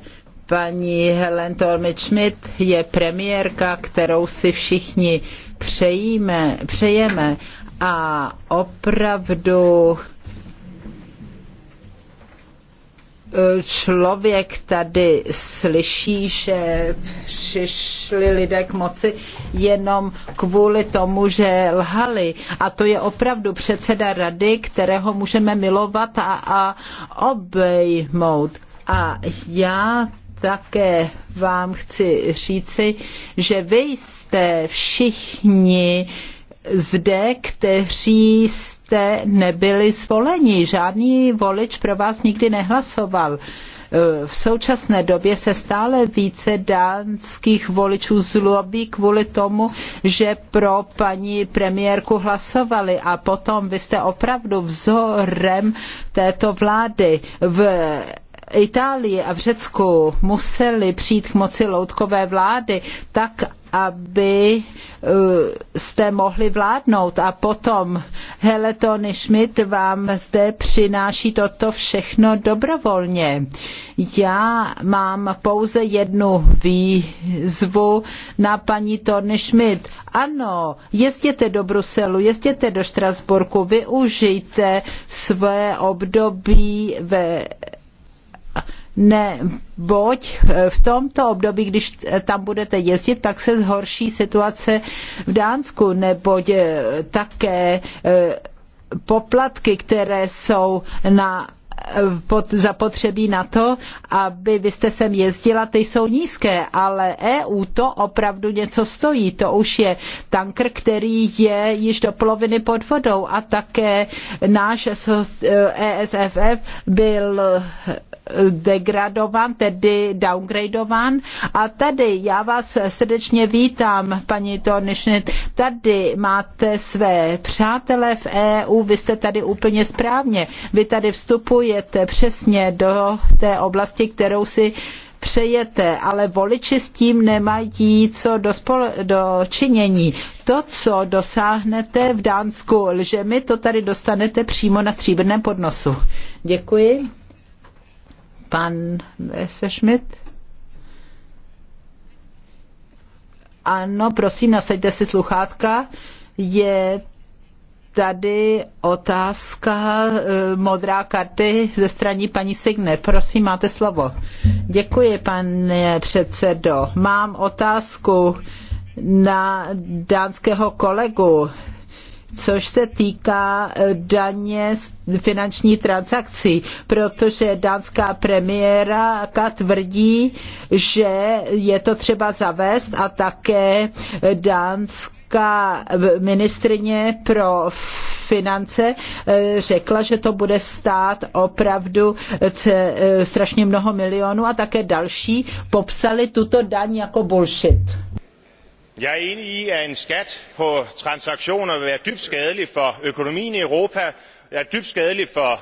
Paní Helen Tolmy-Schmidt je premiérka, kterou si všichni přejíme, přejeme a opravdu e, člověk tady slyší, že přišli lidé k moci jenom kvůli tomu, že lhali. A to je opravdu předseda rady, kterého můžeme milovat a, a obejmout. A já také vám chci říci, že vy jste všichni zde, kteří jste nebyli zvoleni. Žádný volič pro vás nikdy nehlasoval. V současné době se stále více dánských voličů zlobí kvůli tomu, že pro paní premiérku hlasovali a potom vy jste opravdu vzorem této vlády. V Itálii a v Řecku museli přijít k moci loutkové vlády, tak aby eh, jste mohli vládnout. A potom Heletony Schmidt vám zde přináší toto všechno dobrovolně. Já mám pouze jednu výzvu na paní Tony Schmidt. Ano, jezděte do Bruselu, jezděte do Štrasburku, využijte své období ve neboť eh, v tomto období, když tam budete jezdit, tak se zhorší situace v Dánsku, neboť eh, také eh, poplatky, které jsou na pod, zapotřebí na to, aby vy jste sem jezdila, ty jsou nízké, ale EU to opravdu něco stojí. To už je tanker, který je již do poloviny pod vodou a také náš ESFF e byl degradován, tedy downgradován. A tady já vás srdečně vítám, paní Tornišnit. Tady máte své přátele v EU, vy jste tady úplně správně. Vy tady vstupujete přesně do té oblasti, kterou si přejete, ale voliči s tím nemají co do, spole, do činění. To, co dosáhnete v Dánsku lžemi, to tady dostanete přímo na stříbrném podnosu. Děkuji. Pan Messerschmidt? Ano, prosím, nasaďte si sluchátka. Je tady otázka eh, modrá karty ze strany paní Signe. Prosím, máte slovo. Děkuji, pane předsedo. Mám otázku na dánského kolegu což se týká eh, daně z finanční transakcí, protože dánská premiéra tvrdí, že je to třeba zavést a také dánská ministrině pro finance eh, řekla, že to bude stát opravdu eh, strašně mnoho milionů a také další popsali tuto daň jako bullshit jeg er enig i at en skat på transaktioner vil være dybt skadelig for økonomien i europa er dybt skadelig for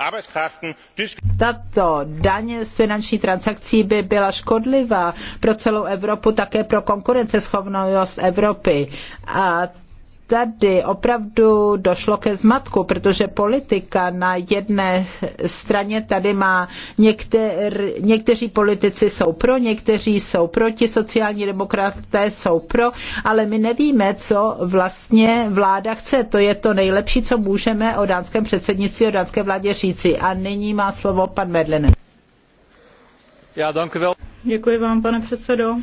arbejdskraften. Tato daně z transakcí by byla škodlivá pro celou Evropu, také pro konkurenceschopnost Evropy. A tady opravdu došlo ke zmatku, protože politika na jedné straně tady má někter, někteří politici jsou pro, někteří jsou proti, sociální demokraté jsou pro, ale my nevíme, co vlastně vláda chce. To je to nejlepší, co můžeme o dánském předsednictví, o dánské vládě říci. A nyní má slovo pan Medlene. Já Děkuji vám, pane předsedo.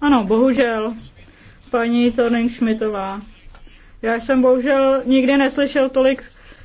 Ano, bohužel, paní Torning Šmitová já jsem bohužel nikdy neslyšel tolik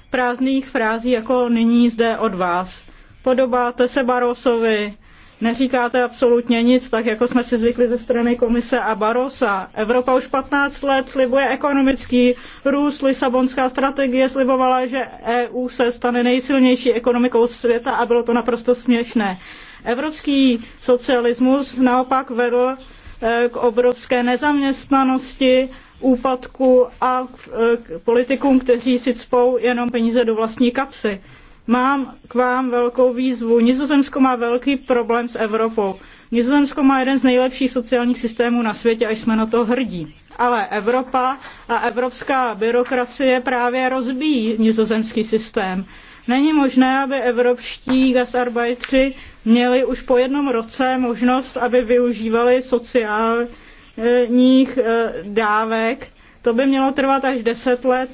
prázdných frází, jako nyní zde od vás. Podobáte se Barosovi, neříkáte absolutně nic, tak jako jsme si zvykli ze strany komise a Barosa. Evropa už 15 let slibuje ekonomický růst, Lisabonská strategie slibovala, že EU se stane nejsilnější ekonomikou světa a bylo to naprosto směšné. Evropský socialismus naopak vedl eh, k obrovské nezaměstnanosti úpadku a eh, k politikům, kteří si cpou jenom peníze do vlastní kapsy. Mám k vám velkou výzvu. Nizozemsko má velký problém s Evropou. Nizozemsko má jeden z nejlepších sociálních systémů na světě a jsme na to hrdí. Ale Evropa a evropská byrokracie právě rozbíjí nizozemský systém. Není možné, aby evropští gasarbajtři měli už po jednom roce možnost, aby využívali sociální sociálních eh, dávek. To by mělo trvat až 10 let,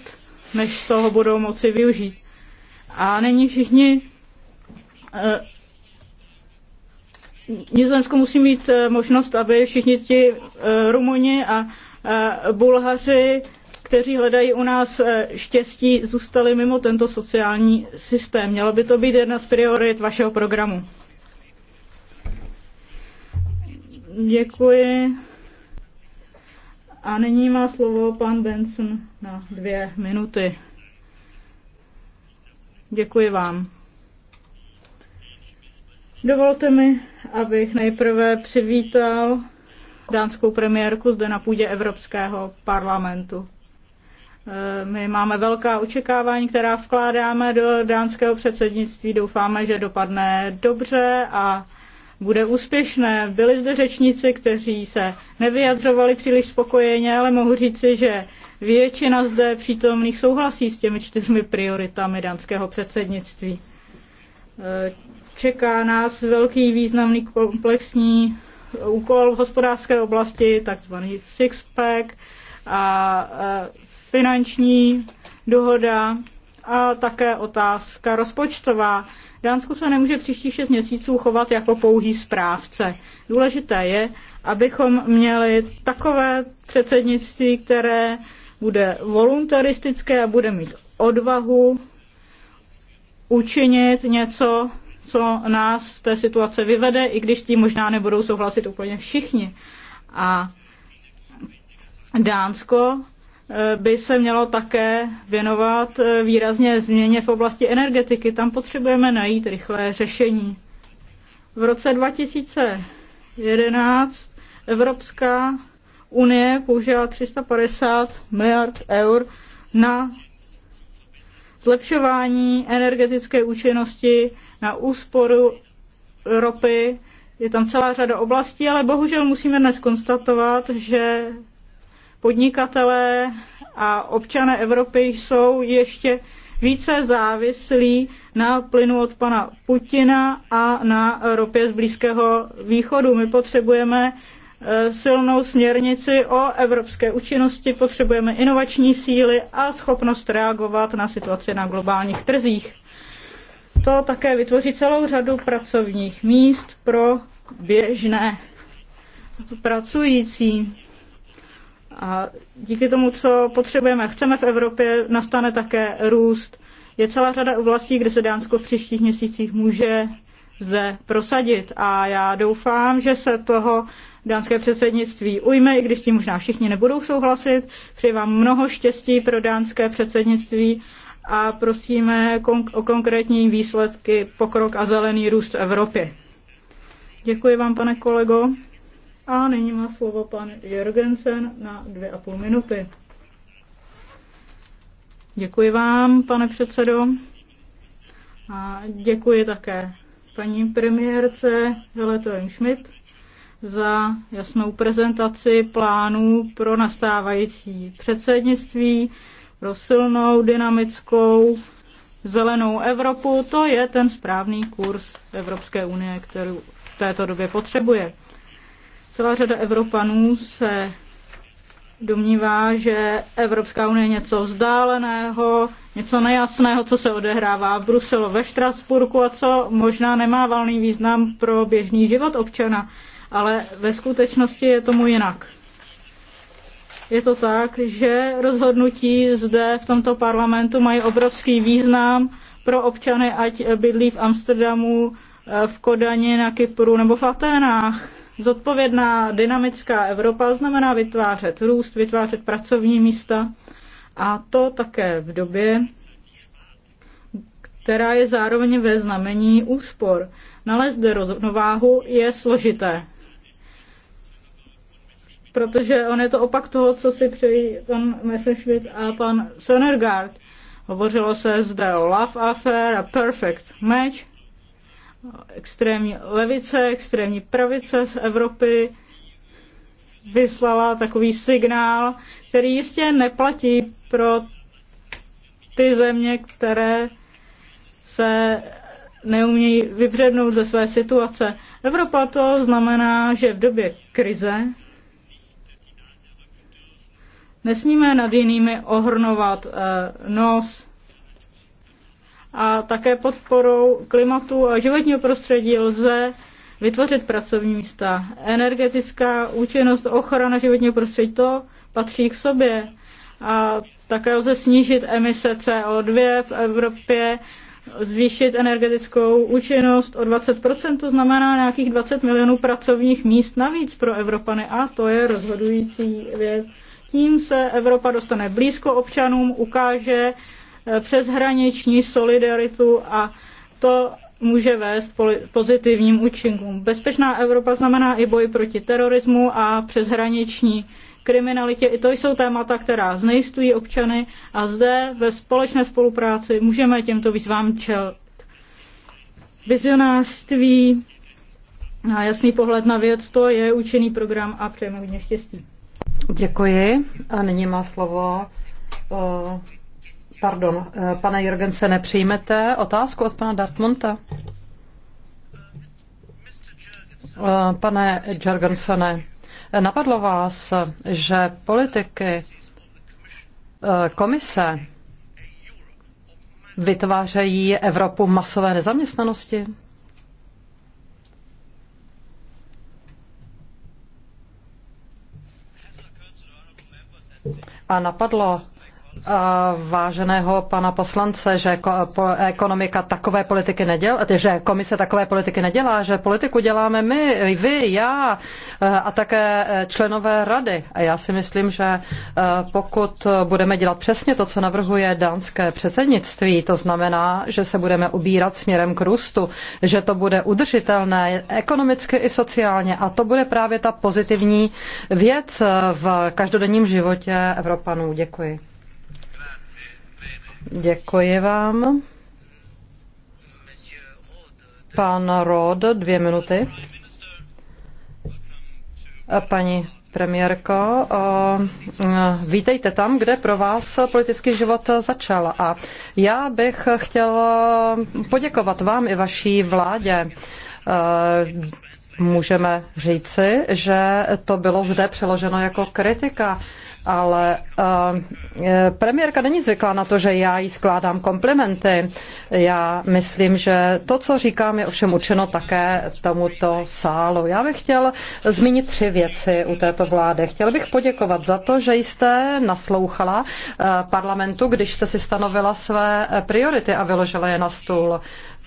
než toho budou moci využít. A není všichni eh, Nizozemsko musí mít eh, možnost, aby všichni ti Rumuni a Bulhaři, kteří hledají u nás štěstí, zůstali mimo tento sociální systém. Mělo by to být jedna z priorit vašeho programu. Děkuji. A nyní má slovo pan Benson na dvě minuty. Děkuji vám. Dovolte mi, abych nejprve přivítal dánskou premiérku zde na půdě Evropského parlamentu. Eh, my máme velká očekávání, která vkládáme do dánského předsednictví. Doufáme, že dopadne dobře a bude úspěšné. Byli zde řečníci, kteří se nevyjadřovali příliš spokojeně, ale mohu říci, že většina zde přítomných souhlasí s těmi čtyřmi prioritami danského předsednictví. E, čeká nás velký významný komplexní úkol v hospodářské oblasti, takzvaný six-pack a e, finanční dohoda a také otázka rozpočtová. Dánsko se nemůže příští šest měsíců chovat jako pouhý správce. Důležité je, abychom měli takové předsednictví, které bude voluntaristické a bude mít odvahu učinit něco, co nás z té situace vyvede, i když s tím možná nebudou souhlasit úplně všichni. A Dánsko by se mělo také věnovat eh, výrazně změně v oblasti energetiky. Tam potřebujeme najít rychlé řešení. V roce 2011 Evropská unie použila 350 miliard eur na zlepšování energetické účinnosti, na úsporu ropy. Je tam celá řada oblastí, ale bohužel musíme dnes konstatovat, že podnikatelé a občané Evropy jsou ještě více závislí na plynu od pana Putina a na ropě z Blízkého východu. My potřebujeme eh, silnou směrnici o evropské účinnosti, potřebujeme inovační síly a schopnost reagovat na situaci na globálních trzích. To také vytvoří celou řadu pracovních míst pro běžné pracující. A díky tomu, co potřebujeme, chceme v Evropě, nastane také růst. Je celá řada oblastí, kde se Dánsko v příštích měsících může zde prosadit. A já doufám, že se toho dánské předsednictví ujme, i když s tím možná všichni nebudou souhlasit. Přeji vám mnoho štěstí pro dánské předsednictví a prosíme o konkrétní výsledky pokrok a zelený růst v Evropě. Děkuji vám, pane kolego. A nyní má slovo pan Jorgensen na dvě a půl minuty. Děkuji vám, pane předsedo. A děkuji také paní premiérce Veletovým Schmidt za jasnou prezentaci plánů pro nastávající předsednictví, pro silnou, dynamickou, zelenou Evropu. To je ten správný kurz Evropské unie, kterou v této době potřebuje. Celá řada Evropanů se domnívá, že Evropská unie je něco vzdáleného, něco nejasného, co se odehrává v Bruselu, ve Štrasburku a co možná nemá valný význam pro běžný život občana, ale ve skutečnosti je tomu jinak. Je to tak, že rozhodnutí zde v tomto parlamentu mají obrovský význam pro občany, ať bydlí v Amsterdamu, v Kodani, na Kypru nebo v Aténách Zodpovědná dynamická Evropa znamená vytvářet růst, vytvářet pracovní místa a to také v době, která je zároveň ve znamení úspor. Nalézt rovnováhu je složité, protože on je to opak toho, co si přejí pan Messerschmitt a pan Sonnergaard. Hovořilo se zde o Love Affair a Perfect Match, extrémní levice, extrémní pravice z Evropy vyslala takový signál, který jistě neplatí pro ty země, které se neumějí vybřednout ze své situace. Evropa to znamená, že v době krize nesmíme nad jinými ohrnovat eh, nos, a také podporou klimatu a životního prostředí lze vytvořit pracovní místa. Energetická účinnost, ochrana životního prostředí, to patří k sobě. A také lze snížit emise CO2 v Evropě, zvýšit energetickou účinnost o 20%, to znamená nějakých 20 milionů pracovních míst navíc pro Evropany a to je rozhodující věc. Tím se Evropa dostane blízko občanům, ukáže, přeshraniční solidaritu a to může vést pozitivním účinkům. Bezpečná Evropa znamená i boj proti terorismu a přeshraniční kriminalitě. I to jsou témata, která znejistují občany a zde ve společné spolupráci můžeme těmto výzvám čelit. Vizionářství a jasný pohled na věc, to je účinný program a přejeme hodně štěstí. Děkuji. A nyní má slovo eh, Pardon, eh, pane Jorgense, nepřijmete otázku od pana Dartmunta? Eh, pane Jorgensene, napadlo vás, že politiky eh, komise vytvářejí Evropu masové nezaměstnanosti? A napadlo váženého pana poslance, že ekonomika takové politiky nedělá, že komise takové politiky nedělá, že politiku děláme my, vy, já e, a také e, členové rady. A já si myslím, že e, pokud budeme dělat přesně to, co navrhuje dánské předsednictví, to znamená, že se budeme ubírat směrem k růstu, že to bude udržitelné ekonomicky i sociálně a to bude právě ta pozitivní věc v každodenním životě Evropanů. Děkuji. Děkuji vám. Pan Rod, dvě minuty. Paní premiérko. Vítejte tam, kde pro vás politický život začal. A já bych chtěla poděkovat vám i vaší vládě můžeme říci, že to bylo zde přeloženo jako kritika, ale uh, premiérka není zvyklá na to, že já jí skládám komplimenty. Já myslím, že to, co říkám, je ovšem učeno také tomuto sálu. Já bych chtěl zmínit tři věci u této vlády. Chtěl bych poděkovat za to, že jste naslouchala uh, parlamentu, když jste si stanovila své priority a vyložila je na stůl. Uh,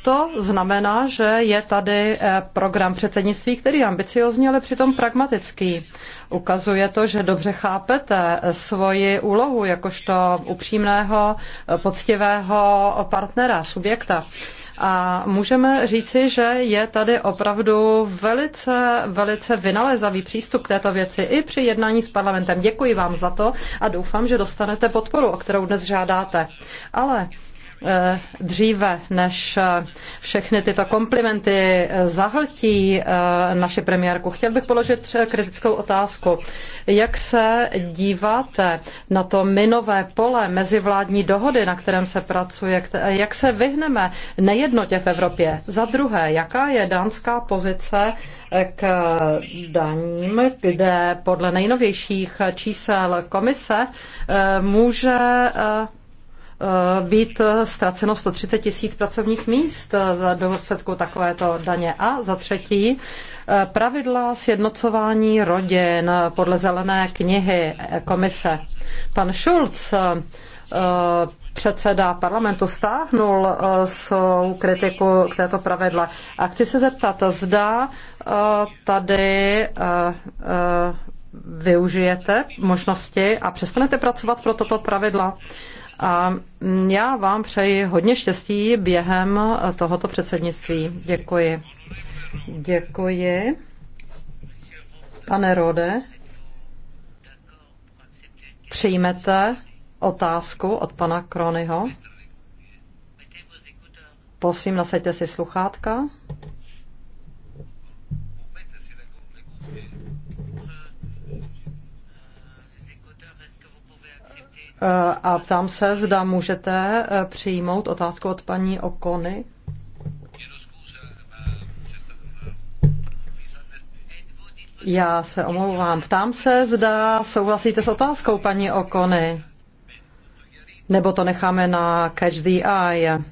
to znamená, že je tady eh, program předsednictví, který je ambiciozní, ale přitom pragmatický. Ukazuje to, že dobře chápete eh, svoji úlohu jakožto upřímného, eh, poctivého partnera, subjekta. A můžeme říci, že je tady opravdu velice, velice vynalezavý přístup k této věci i při jednání s parlamentem. Děkuji vám za to a doufám, že dostanete podporu, o kterou dnes žádáte. Ale Eh, dříve, než eh, všechny tyto komplimenty eh, zahltí naši premiérku, chtěl bych položit kritickou otázku. Jak se díváte na to minové pole mezivládní dohody, na kterém se pracuje? Jak se vyhneme nejednotě v Evropě? Za druhé, jaká je dánská pozice k daním, kde podle nejnovějších čísel komise může Eh, být ztraceno 130 tisíc pracovních míst eh, za důsledku takovéto daně. A za třetí, eh, pravidla sjednocování rodin podle zelené knihy komise. Pan Schulz předseda parlamentu stáhnul svou kritiku k této pravidle. A chci se zeptat, zda tady využijete možnosti a přestanete pracovat pro toto pravidla. A já vám přeji hodně štěstí během tohoto předsednictví. Děkuji. Děkuji. Pane Rode, přijmete otázku od pana Kronyho? Prosím, nasaďte si sluchátka. Eh, a ptám se, zda můžete eh, přijmout otázku od paní Okony. Já se omlouvám. Ptám se, zda souhlasíte s otázkou paní Okony. Nebo to necháme na catch the eye.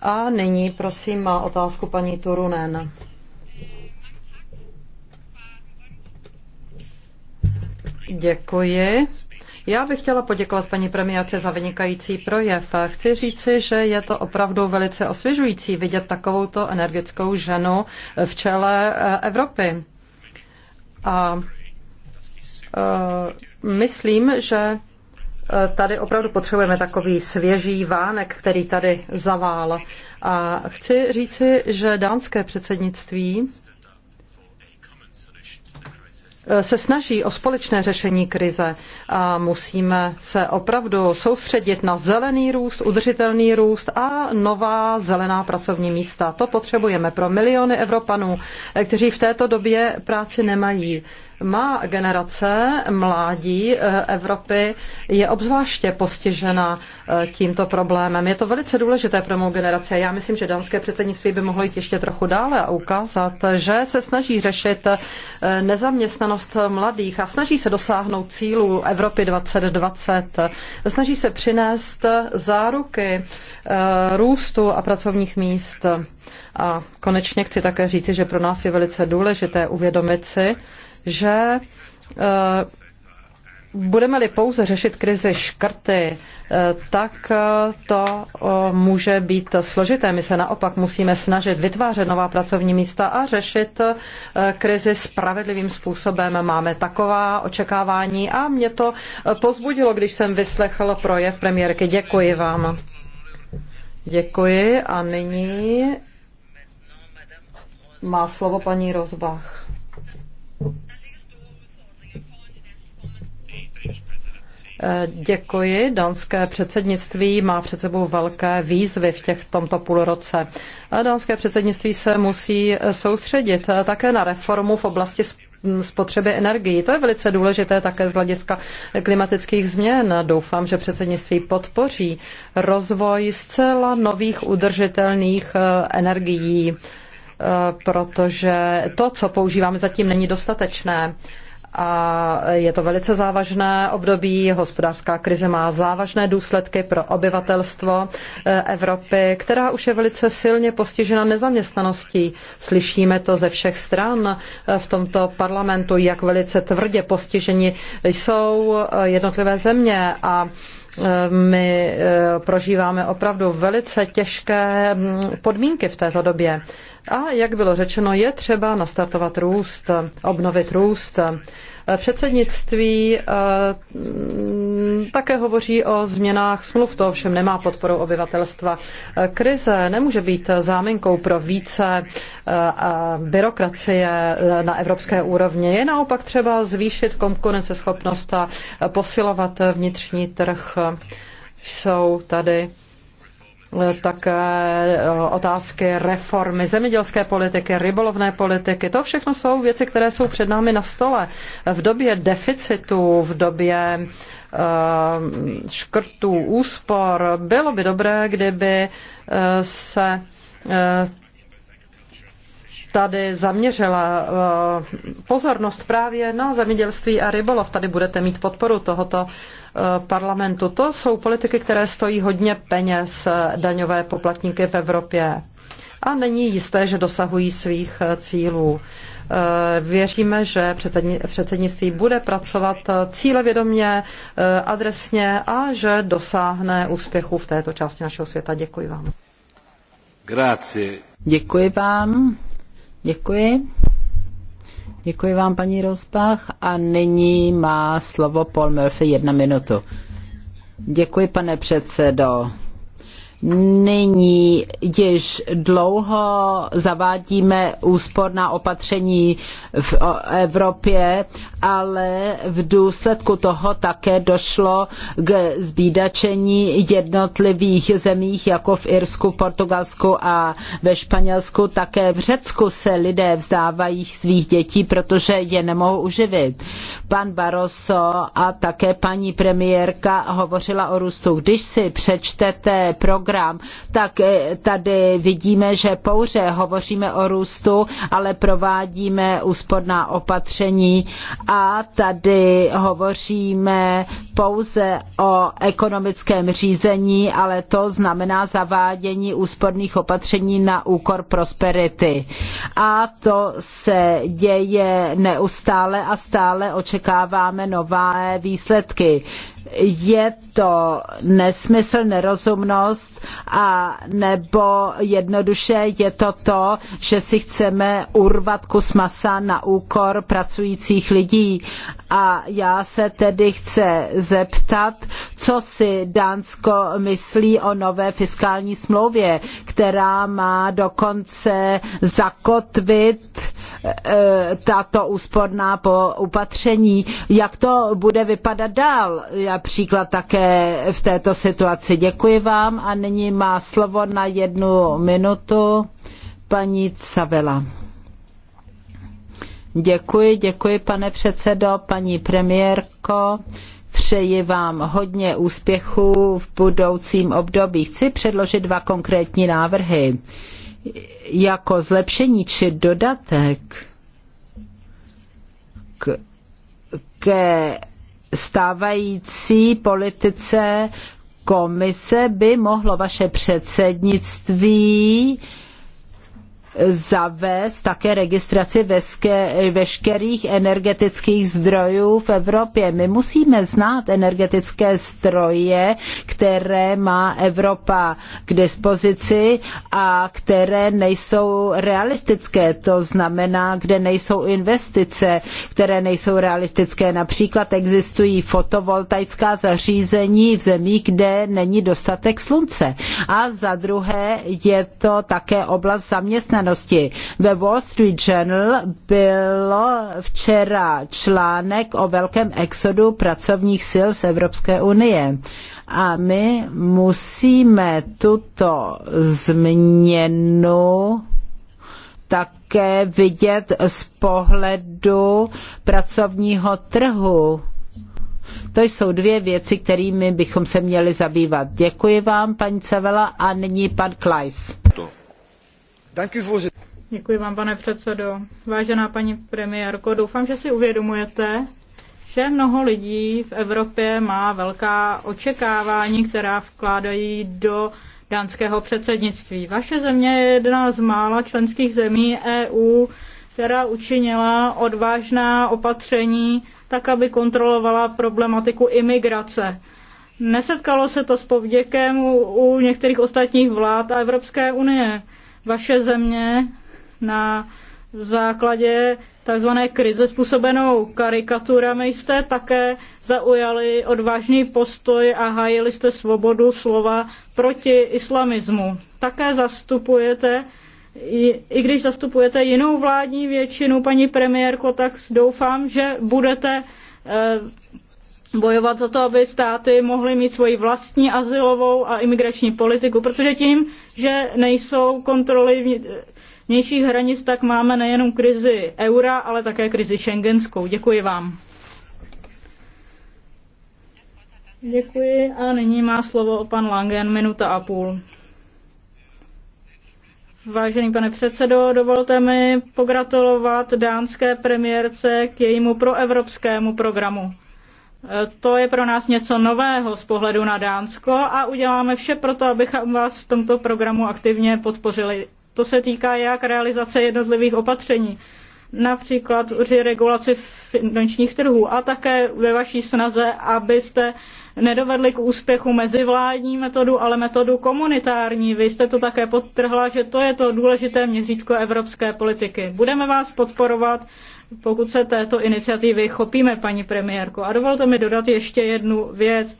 A nyní prosím má otázku paní Turunen. Děkuji. Já bych chtěla poděkovat paní premiérce za vynikající projev. Chci říci, že je to opravdu velice osvěžující vidět takovouto energickou ženu v čele eh, Evropy. A eh, myslím, že eh, tady opravdu potřebujeme takový svěží vánek, který tady zavál. A chci říci, že dánské předsednictví se snaží o společné řešení krize a musíme se opravdu soustředit na zelený růst, udržitelný růst a nová zelená pracovní místa. To potřebujeme pro miliony Evropanů, eh, kteří v této době práci nemají. Má generace mládí eh, Evropy je obzvláště postižena eh, tímto problémem. Je to velice důležité pro mou generaci. Já myslím, že dánské předsednictví by mohlo jít ještě trochu dále a ukázat, že se snaží řešit eh, nezaměstnanost mladých a snaží se dosáhnout cílů Evropy 2020. Snaží se přinést záruky růstu a pracovních míst. A konečně chci také říci, že pro nás je velice důležité uvědomit si, že eh, budeme-li pouze řešit krizi škrty, eh, tak eh, to může být složité. My se naopak musíme snažit vytvářet nová pracovní místa a řešit krizi spravedlivým způsobem. Máme taková očekávání a mě to pozbudilo, když jsem vyslechl projev premiérky. Děkuji vám. Děkuji a nyní má slovo paní Rozbach. Eh, děkuji. Dánské předsednictví má před sebou velké výzvy v těch, tomto půlroce. Eh, dánské předsednictví se musí eh, soustředit také na reformu v oblasti mm, spotřeby energií. To je velice důležité také z hlediska klimatických změn. Doufám, že předsednictví podpoří rozvoj zcela nových udržitelných energií, protože to, co používáme, zatím není dostatečné a je to velice závažné období. Hospodářská krize má závažné důsledky pro obyvatelstvo eh, Evropy, která už je velice silně postižena nezaměstnaností. Slyšíme to ze všech stran eh, v tomto parlamentu, jak velice tvrdě postiženi jsou eh, jednotlivé země a my prožíváme opravdu velice těžké mm, podmínky v této době. A jak bylo řečeno, je třeba nastartovat růst, obnovit růst. Předsednictví eh, také hovoří o změnách smluv, to ovšem nemá podporu obyvatelstva. Krize nemůže být záminkou pro více eh, byrokracie eh, na evropské úrovni. Je naopak třeba zvýšit konkurenceschopnost a posilovat vnitřní trh. Jsou tady také eh, otázky reformy zemědělské politiky, rybolovné politiky. To všechno jsou věci, které jsou před námi na stole. V době deficitu, v době eh, škrtů, úspor, bylo by dobré, kdyby eh, se tady zaměřila eh, pozornost právě na zemědělství a rybolov. Tady budete mít podporu tohoto eh, parlamentu. To jsou politiky, které stojí hodně peněz eh, daňové poplatníky v Evropě. A není jisté, že dosahují svých cílů. Věříme, že předsednictví bude pracovat cílevědomě, adresně a že dosáhne úspěchu v této části našeho světa. Děkuji vám. Grazie. Děkuji vám. Děkuji. Děkuji vám, paní Rozbach. A nyní má slovo Paul Murphy jedna minutu. Děkuji, pane předsedo nyní již dlouho zavádíme úsporná opatření v Evropě, ale v důsledku toho také došlo k zbídačení jednotlivých zemích, jako v Irsku, Portugalsku a ve Španělsku. Také v Řecku se lidé vzdávají svých dětí, protože je nemohou uživit. Pan Barroso a také paní premiérka hovořila o růstu. Když si přečtete program, program, tak eh, tady vidíme, že pouze hovoříme o růstu, ale provádíme úsporná opatření a tady hovoříme pouze o ekonomickém řízení, ale to znamená zavádění úsporných opatření na úkor prosperity. A to se děje neustále a stále očekáváme nové výsledky je to nesmysl, nerozumnost a nebo jednoduše je to to, že si chceme urvat kus masa na úkor pracujících lidí. A já se tedy chci zeptat, co si Dánsko myslí o nové fiskální smlouvě, která má dokonce zakotvit Eh, tato úsporná po upatření. Jak to bude vypadat dál? Například také v této situaci. Děkuji vám a nyní má slovo na jednu minutu paní Cavela. Děkuji, děkuji pane předsedo, paní premiérko. Přeji vám hodně úspěchů v budoucím období. Chci předložit dva konkrétní návrhy. Uh, jako zlepšení či dodatek k, ke stávající politice komise by mohlo vaše předsednictví zavést také registraci veškerých energetických zdrojů v Evropě. My musíme znát energetické zdroje, které má Evropa k dispozici a které nejsou realistické. To znamená, kde nejsou investice, které nejsou realistické. Například existují fotovoltaická zařízení v zemích, kde není dostatek slunce. A za druhé je to také oblast zaměstnání zaměstnanosti. Ve Wall Street Journal bylo včera článek o velkém exodu pracovních sil z Evropské unie. A my musíme tuto změnu také vidět z pohledu pracovního trhu. To jsou dvě věci, kterými bychom se měli zabývat. Děkuji vám, paní Cavela, a nyní pan Klajs. Děkuji vám, pane předsedo. Vážená paní premiérko, doufám, že si uvědomujete, že mnoho lidí v Evropě má velká očekávání, která vkládají do dánského předsednictví. Vaše země je jedna z mála členských zemí EU, která učinila odvážná opatření tak, aby kontrolovala problematiku imigrace. Nesetkalo se to s povděkem u, u některých ostatních vlád a Evropské unie vaše země na základě tzv. krize způsobenou karikaturami jste také zaujali odvážný postoj a hájili jste svobodu slova proti islamismu. Také zastupujete i když zastupujete jinou vládní většinu, paní premiérko, tak doufám, že budete eh, bojovat za to, aby státy mohly mít svoji vlastní asilovou a imigrační politiku, protože tím, že nejsou kontroly vnějších hranic, tak máme nejenom krizi eura, ale také krizi šengenskou. Děkuji vám. Děkuji a nyní má slovo pan Langen, minuta a půl. Vážený pane předsedo, dovolte mi pogratulovat dánské premiérce k jejímu proevropskému programu. To je pro nás něco nového z pohledu na Dánsko a uděláme vše pro to, abychom vás v tomto programu aktivně podpořili. To se týká jak realizace jednotlivých opatření, například při regulaci finančních trhů a také ve vaší snaze, abyste nedovedli k úspěchu mezivládní metodu, ale metodu komunitární. Vy jste to také podtrhla, že to je to důležité měřítko evropské politiky. Budeme vás podporovat pokud se této iniciativy chopíme, paní premiérko. A dovolte mi dodat ještě jednu věc.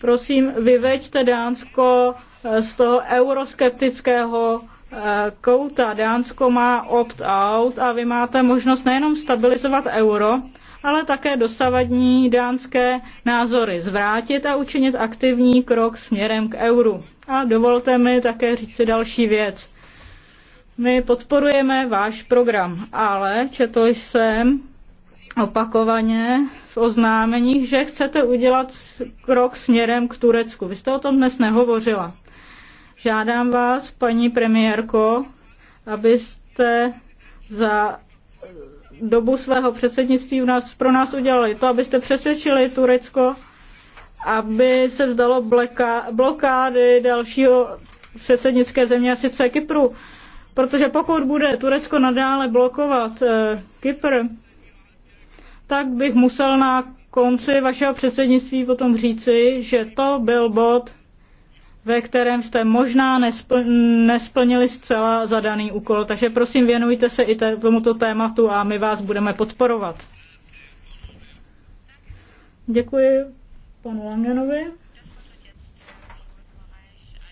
Prosím, vyveďte Dánsko eh, z toho euroskeptického eh, kouta. Dánsko má opt-out a vy máte možnost nejenom stabilizovat euro, ale také dosavadní dánské názory zvrátit a učinit aktivní krok směrem k euru. A dovolte mi také říct si další věc. My podporujeme váš program, ale četl jsem opakovaně v oznámeních, že chcete udělat krok směrem k Turecku. Vy jste o tom dnes nehovořila. Žádám vás, paní premiérko, abyste za dobu svého předsednictví u nás, pro nás udělali to, abyste přesvědčili Turecko, aby se vzdalo bleka, blokády dalšího předsednické země, a sice Kypru. Protože pokud bude Turecko nadále blokovat eh, Kypr, tak bych musel na konci vašeho předsednictví potom říci, že to byl bod, ve kterém jste možná nespl- nesplnili zcela zadaný úkol. Takže prosím, věnujte se i te- tomuto tématu a my vás budeme podporovat. Děkuji panu Langenovi.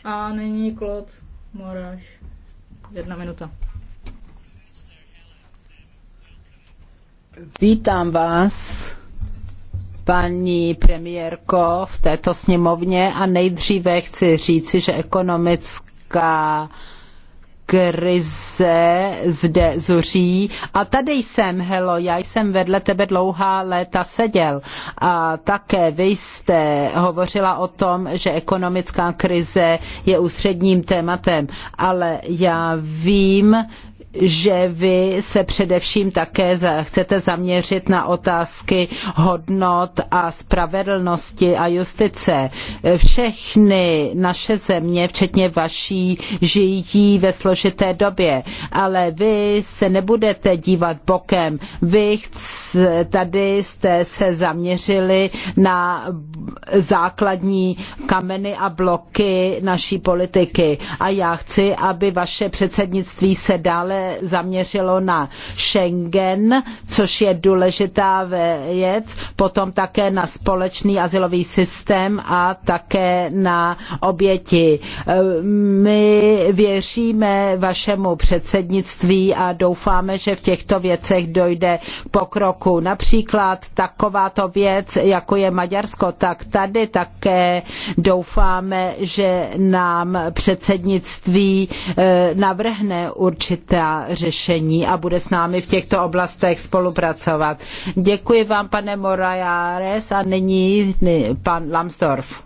A nyní Klod Moráš jedna minuta. Vítám vás, paní premiérko, v této sněmovně a nejdříve chci říci, že ekonomická krize zde zuří. A tady jsem, Helo, já jsem vedle tebe dlouhá léta seděl. A také vy jste hovořila o tom, že ekonomická krize je ústředním tématem. Ale já vím, že vy se především také chcete zaměřit na otázky hodnot a spravedlnosti a justice. Všechny naše země, včetně vaší, žijí ve složité době, ale vy se nebudete dívat bokem. Vy tady jste se zaměřili na základní kameny a bloky naší politiky. A já chci, aby vaše předsednictví se dále zaměřilo na Schengen, což je důležitá věc, potom také na společný asilový systém a také na oběti. My věříme vašemu předsednictví a doufáme, že v těchto věcech dojde pokroku. Například takováto věc, jako je Maďarsko, tak tady také doufáme, že nám předsednictví eh, navrhne určitá řešení a bude s námi v těchto oblastech spolupracovat. Děkuji vám, pane Morajares, a nyní pan Lambsdorff.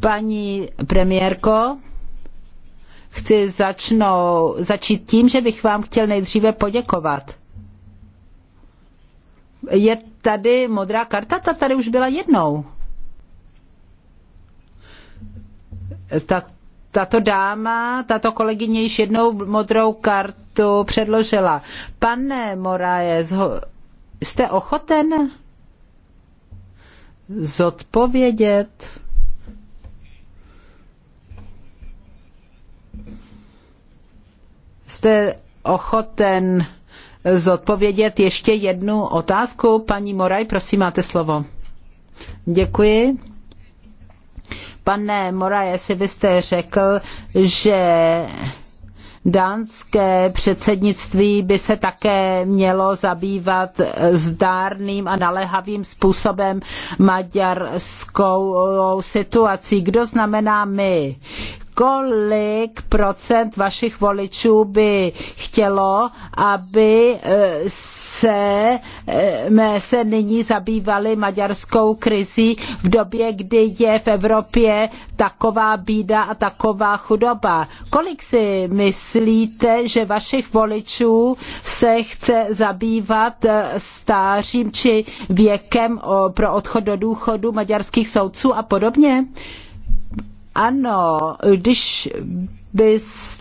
Paní premiérko, chci začnou, začít tím, že bych vám chtěl nejdříve poděkovat. Je tady modrá karta, ta tady už byla jednou. Tak tato dáma, tato kolegyně již jednou modrou kartu předložila. Pane Moraes, jste ochoten zodpovědět? Jste ochoten zodpovědět ještě jednu otázku? Paní Moraj, prosím, máte slovo. Děkuji. Pane Moraes, vy jste řekl, že dánské předsednictví by se také mělo zabývat zdárným a naléhavým způsobem maďarskou situací. Kdo znamená my? kolik procent vašich voličů by chtělo, aby eh, se, eh, se nyní zabývali maďarskou krizí v době, kdy je v Evropě taková bída a taková chudoba. Kolik si myslíte, že vašich voličů se chce zabývat eh, stářím či věkem pro odchod do důchodu maďarských soudců a podobně? Ano, když bys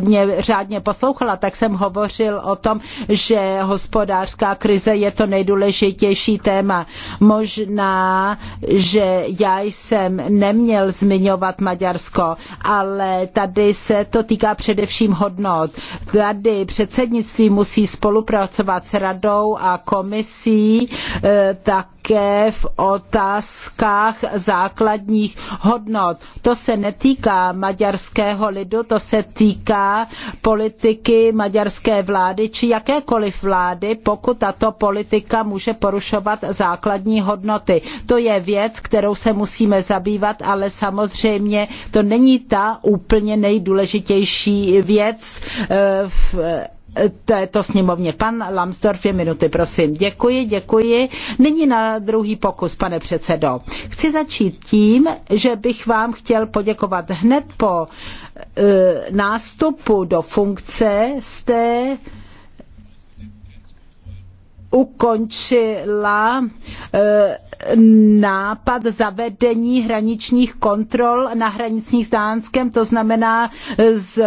mě řádně poslouchala, tak jsem hovořil o tom, že hospodářská krize je to nejdůležitější téma. Možná, že já jsem neměl zmiňovat Maďarsko, ale tady se to týká především hodnot. Tady předsednictví musí spolupracovat s radou a komisí, eh, tak také v otázkách základních hodnot. To se netýká maďarského lidu, to se týká politiky maďarské vlády či jakékoliv vlády, pokud tato politika může porušovat základní hodnoty. To je věc, kterou se musíme zabývat, ale samozřejmě to není ta úplně nejdůležitější věc eh, v této sněmovně. Pan Lambsdorff dvě minuty, prosím. Děkuji, děkuji. Nyní na druhý pokus, pane předsedo. Chci začít tím, že bych vám chtěl poděkovat hned po e, nástupu do funkce jste ukončila e, nápad zavedení hraničních kontrol na hranicích s Dánskem, to znamená z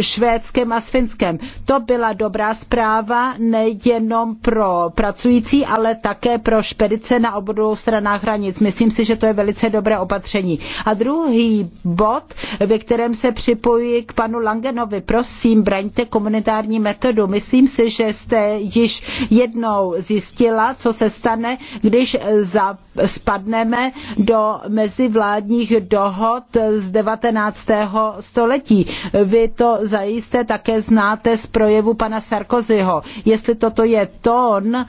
Švédskem a s Finskem. To byla dobrá zpráva nejenom pro pracující, ale také pro špedice na obou stranách hranic. Myslím si, že to je velice dobré opatření. A druhý bod, ve kterém se připojuji k panu Langenovi, prosím, braňte komunitární metodu. Myslím si, že jste již jednou zjistila, co se stane, když za, spadneme do mezivládních dohod z 19. století. Vy to zajisté také znáte z projevu pana Sarkozyho. Jestli toto je tón e,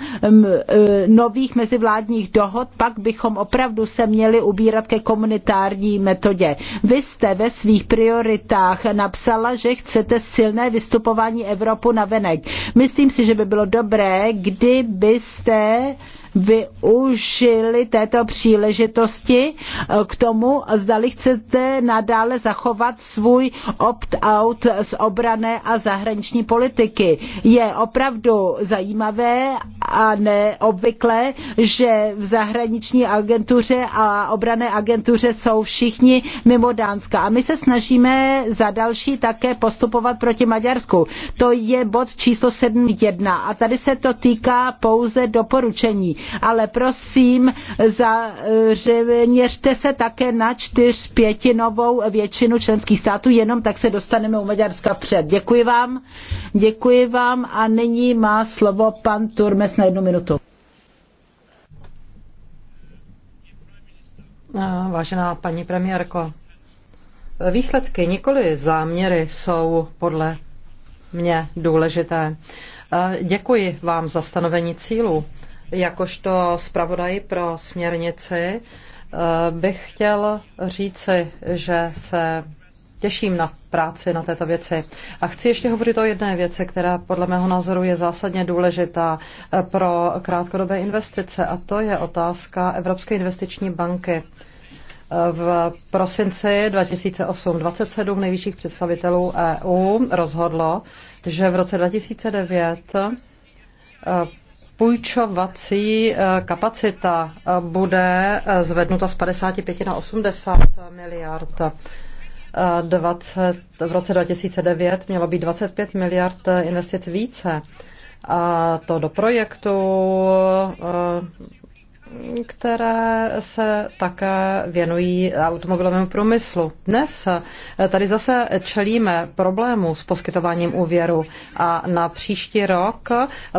nových mezivládních dohod, pak bychom opravdu se měli ubírat ke komunitární metodě. Vy jste ve svých prioritách napsala, že chcete silné vystupování Evropu na venek. Myslím si, že by bylo dobré, kdybyste využili této příležitosti eh, k tomu, zdali chcete nadále zachovat svůj opt-out z obrané a zahraniční politiky. Je opravdu zajímavé a neobvyklé, že v zahraniční agentuře a obrané agentuře jsou všichni mimo Dánska. A my se snažíme za další také postupovat proti Maďarsku. To je bod číslo 7.1 a tady se to týká pouze doporučení ale prosím, zaměřte se také na čtyřpětinovou většinu členských států, jenom tak se dostaneme u Maďarska před. Děkuji vám, děkuji vám a nyní má slovo pan Turmes na jednu minutu. Vážená paní premiérko, výsledky, nikoli záměry, jsou podle mě důležité. Děkuji vám za stanovení cílů. Jakožto zpravodaj pro směrnici eh, bych chtěl říci, že se těším na práci na této věci. A chci ještě hovořit o jedné věci, která podle mého názoru je zásadně důležitá eh, pro krátkodobé investice, a to je otázka Evropské investiční banky. Eh, v prosinci 2008 27 nejvyšších představitelů EU rozhodlo, že v roce 2009 Půjčovací eh, kapacita eh, bude eh, zvednuta z 55 na 80 miliard. 20, v roce 2009 mělo být 25 miliard investic více. A to do projektu které se také věnují automobilovému průmyslu. Dnes eh, tady zase čelíme problému s poskytováním úvěru a na příští rok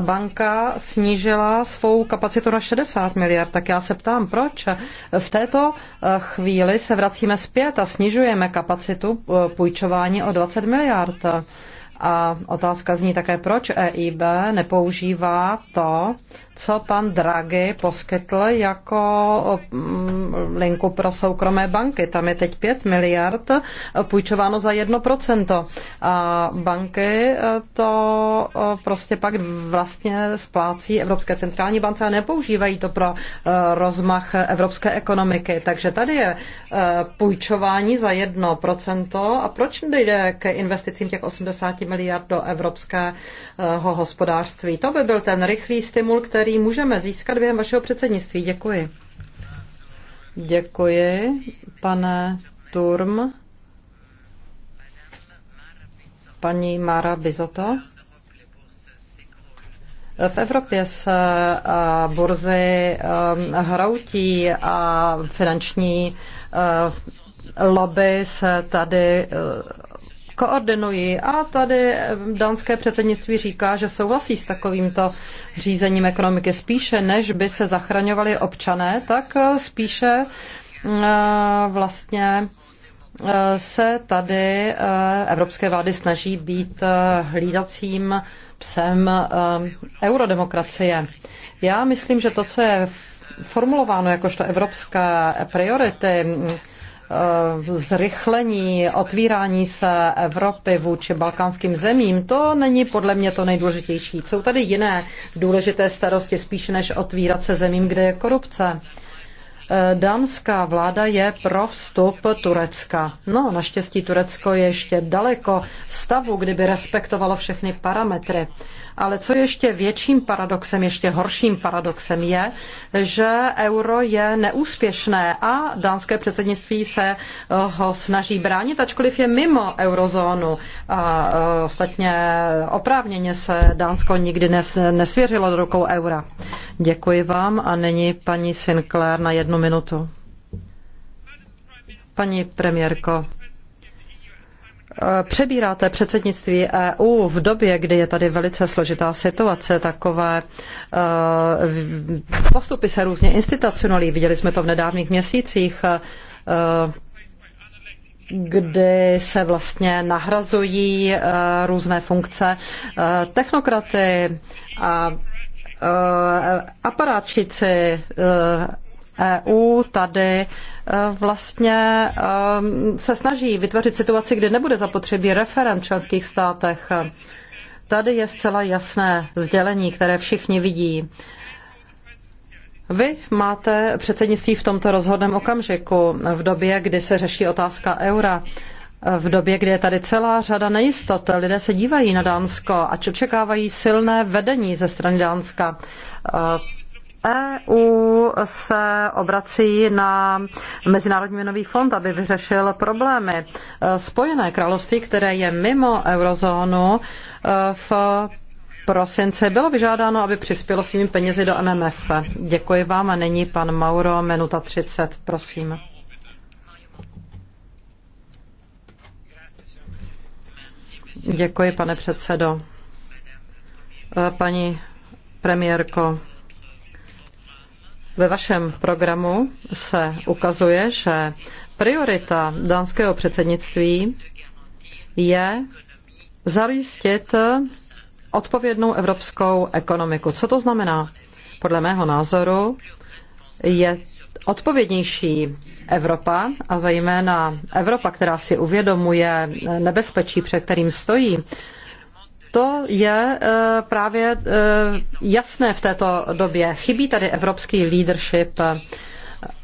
banka snížila svou kapacitu na 60 miliard. Tak já se ptám, proč v této eh, chvíli se vracíme zpět a snižujeme kapacitu eh, půjčování o 20 miliard. A otázka zní také, proč EIB nepoužívá to, co pan Draghi poskytl jako mm, linku pro soukromé banky. Tam je teď 5 miliard půjčováno za 1%. A banky to e, prostě pak vlastně splácí Evropské centrální bance a nepoužívají to pro e, rozmach evropské ekonomiky. Takže tady je e, půjčování za 1% a proč nejde k investicím těch 80 miliard do evropského hospodářství. To by byl ten rychlý stimul, který můžeme získat během vašeho předsednictví. Děkuji. Děkuji, pane Turm. Paní Mara Bizoto. V Evropě se eh, burzy eh, hroutí a finanční eh, lobby se tady koordinují. A tady eh, dánské předsednictví říká, že souhlasí s takovýmto řízením ekonomiky. Spíše než by se zachraňovali občané, tak eh, spíše eh, vlastně se tady evropské vlády snaží být hlídacím psem eurodemokracie. Já myslím, že to, co je formulováno jakožto evropské priority, Eh, zrychlení otvírání se Evropy vůči balkánským zemím, to není podle mě to nejdůležitější. Jsou tady jiné důležité starosti spíš než otvírat se zemím, kde je korupce. Eh, dánská vláda je pro vstup Turecka. No, naštěstí Turecko je ještě daleko stavu, kdyby respektovalo všechny parametry. Ale co ještě větším paradoxem, ještě horším paradoxem je, že euro je neúspěšné a dánské předsednictví se eh, ho snaží bránit, ačkoliv je mimo eurozónu. A eh, ostatně oprávněně se Dánsko nikdy nes, nesvěřilo do rukou eura. Děkuji vám a nyní paní Sinclair na jednu jednu minutu. Paní premiérko, přebíráte předsednictví EU v době, kdy je tady velice složitá situace, takové eh, postupy se různě institucionalí, viděli jsme to v nedávných měsících, eh, kdy se vlastně nahrazují eh, různé funkce technokraty a aparátčici EU tady e, vlastně e, se snaží vytvořit situaci, kde nebude zapotřebí referent v členských státech. Tady je zcela jasné sdělení, které všichni vidí. Vy máte předsednictví v tomto rozhodném okamžiku, v době, kdy se řeší otázka eura, v době, kdy je tady celá řada nejistot. Lidé se dívají na Dánsko a očekávají silné vedení ze strany Dánska e, EU se obrací na Mezinárodní měnový fond, aby vyřešil problémy. E, Spojené království, které je mimo eurozónu, e, v prosince bylo vyžádáno, aby přispělo svými penězi do MMF. Děkuji vám a není pan Mauro, minuta 30, prosím. Děkuji, pane předsedo. E, paní premiérko, ve vašem programu se ukazuje, že priorita dánského předsednictví je zajistit odpovědnou evropskou ekonomiku. Co to znamená? Podle mého názoru je odpovědnější Evropa a zejména Evropa, která si uvědomuje nebezpečí, před kterým stojí, to je eh, právě eh, jasné v této době. Chybí tady evropský leadership.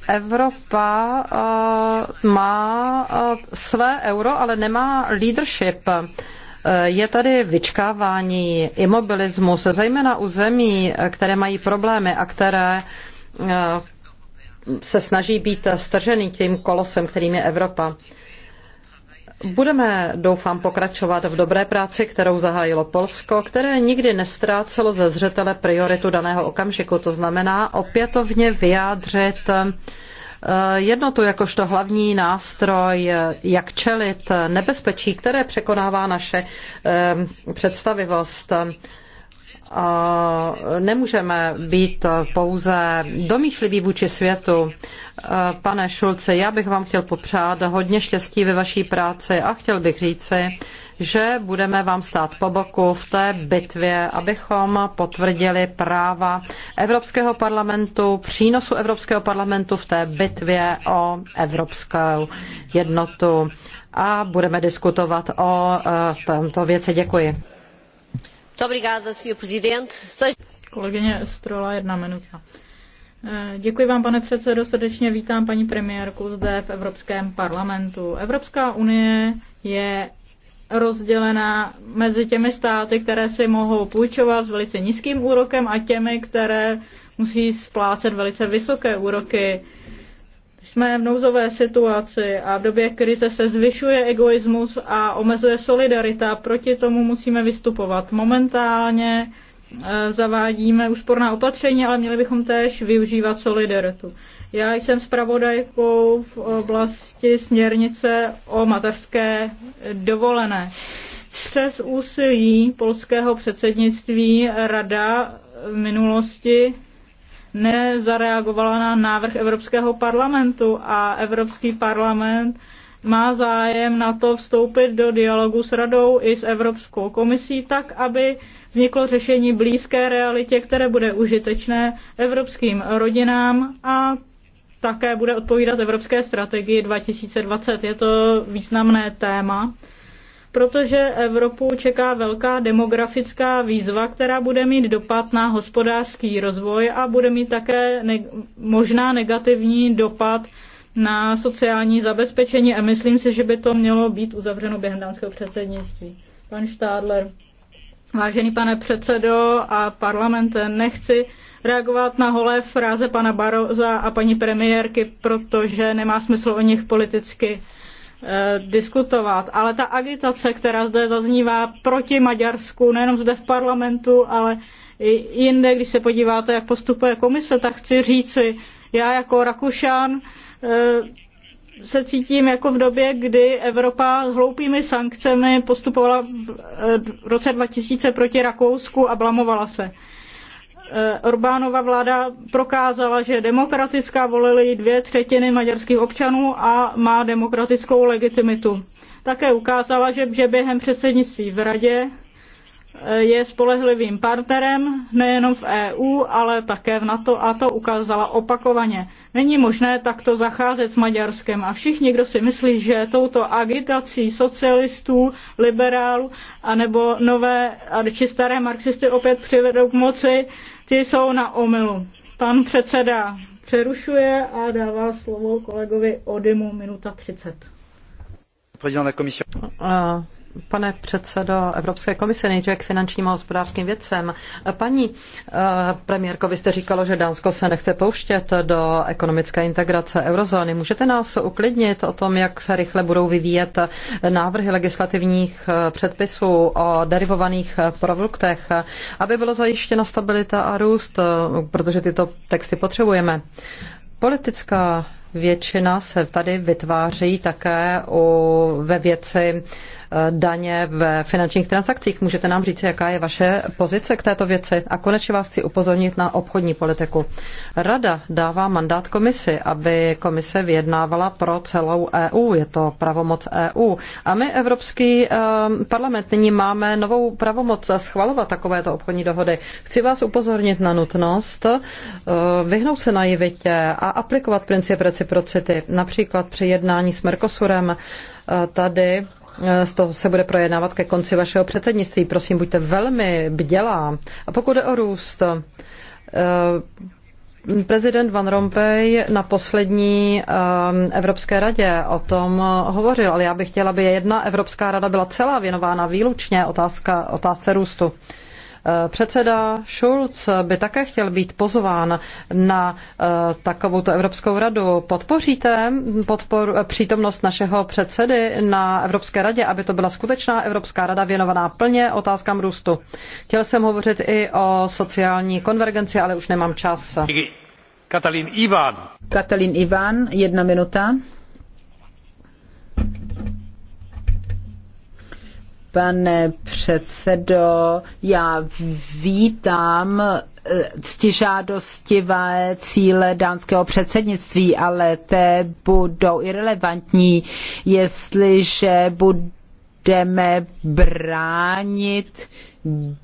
Evropa eh, má své euro, ale nemá leadership. Je tady vyčkávání, imobilismus, zejména u zemí, které mají problémy a které se snaží být stržený tím kolosem, kterým je Evropa. Budeme, doufám, pokračovat v dobré práci, kterou zahájilo Polsko, které nikdy nestrácelo ze zřetele prioritu daného okamžiku. To znamená opětovně vyjádřit eh, jednotu jakožto hlavní nástroj, jak čelit nebezpečí, které překonává naše eh, představivost. Eh, nemůžeme být pouze domýšliví vůči světu. Eh, pane Šulce, já bych vám chtěl popřát hodně štěstí ve vaší práci a chtěl bych říci, že budeme vám stát po boku v té bitvě, abychom potvrdili práva Evropského parlamentu, přínosu Evropského parlamentu v té bitvě o evropskou jednotu. A budeme diskutovat o eh, tomto věci. Děkuji jedna eh, Děkuji vám, pane předsedo, srdečně vítám paní premiérku zde v Evropském parlamentu. Evropská unie je rozdělená mezi těmi státy, které si mohou půjčovat s velice nízkým úrokem a těmi, které musí splácet velice vysoké úroky. Jsme v nouzové situaci a v době krize se zvyšuje egoismus a omezuje solidarita. Proti tomu musíme vystupovat momentálně, e, zavádíme úsporná opatření, ale měli bychom též využívat solidaritu. Já jsem zpravodajkou v oblasti směrnice o mateřské dovolené. Přes úsilí polského předsednictví rada v minulosti nezareagovala na návrh Evropského parlamentu a Evropský parlament má zájem na to vstoupit do dialogu s radou i s Evropskou komisí tak, aby vzniklo řešení blízké realitě, které bude užitečné evropským rodinám a také bude odpovídat Evropské strategii 2020. Je to významné téma protože Evropu čeká velká demografická výzva, která bude mít dopad na hospodářský rozvoj a bude mít také ne- možná negativní dopad na sociální zabezpečení a myslím si, že by to mělo být uzavřeno během dánského předsednictví. Pan Štádler. Vážený pane předsedo a parlament, nechci reagovat na holé fráze pana Baroza a paní premiérky, protože nemá smysl o nich politicky Eh, diskutovat. Ale ta agitace, která zde zaznívá proti Maďarsku, nejenom zde v parlamentu, ale i jinde, když se podíváte, jak postupuje komise, tak chci říci, já jako Rakušan eh, se cítím jako v době, kdy Evropa s hloupými sankcemi postupovala v eh, roce 2000 proti Rakousku a blamovala se. Eh, Orbánova vláda prokázala, že demokratická volili dvě třetiny maďarských občanů a má demokratickou legitimitu. Také ukázala, že během předsednictví v radě eh, je spolehlivým partnerem nejenom v EU, ale také v NATO a to ukázala opakovaně. Není možné takto zacházet s Maďarskem a všichni, kdo si myslí, že touto agitací socialistů, liberálů anebo nové či staré marxisty opět přivedou k moci, ty jsou na omylu. Pan předseda přerušuje a dává slovo kolegovi Odymu minuta 30 pane předsedo Evropské komise, nejdříve k finančním a hospodářským věcem. Paní eh, premiérko, vy jste říkalo, že Dánsko se nechce pouštět do ekonomické integrace eurozóny. Můžete nás uklidnit o tom, jak se rychle budou vyvíjet návrhy legislativních eh, předpisů o derivovaných eh, produktech, aby byla zajištěna stabilita a růst, protože tyto texty potřebujeme. Politická většina se tady vytváří také u, ve věci Eh, daně ve finančních transakcích. Můžete nám říct, jaká je vaše pozice k této věci? A konečně vás chci upozornit na obchodní politiku. Rada dává mandát komisi, aby komise vyjednávala pro celou EU. Je to pravomoc EU. A my, Evropský eh, parlament, nyní máme novou pravomoc schvalovat takovéto obchodní dohody. Chci vás upozornit na nutnost eh, vyhnout se naivitě a aplikovat princip reciprocity. Například při jednání s Mercosurem tady to se bude projednávat ke konci vašeho předsednictví. Prosím, buďte velmi bdělá. A pokud jde o růst, eh, Prezident Van Rompuy na poslední eh, Evropské radě o tom hovořil, ale já bych chtěla, aby jedna Evropská rada byla celá věnována výlučně otázka, otázce růstu. Předseda Schulz by také chtěl být pozván na eh, takovou Evropskou radu. Podpoříte podpor, přítomnost našeho předsedy na Evropské radě, aby to byla skutečná Evropská rada věnovaná plně otázkám růstu? Chtěl jsem hovořit i o sociální konvergenci, ale už nemám čas. Katalin Ivan. Katalin Ivan, jedna minuta. Pane předsedo, já vítám eh, ctižádostivé cíle dánského předsednictví, ale ty budou irrelevantní, jestliže budeme bránit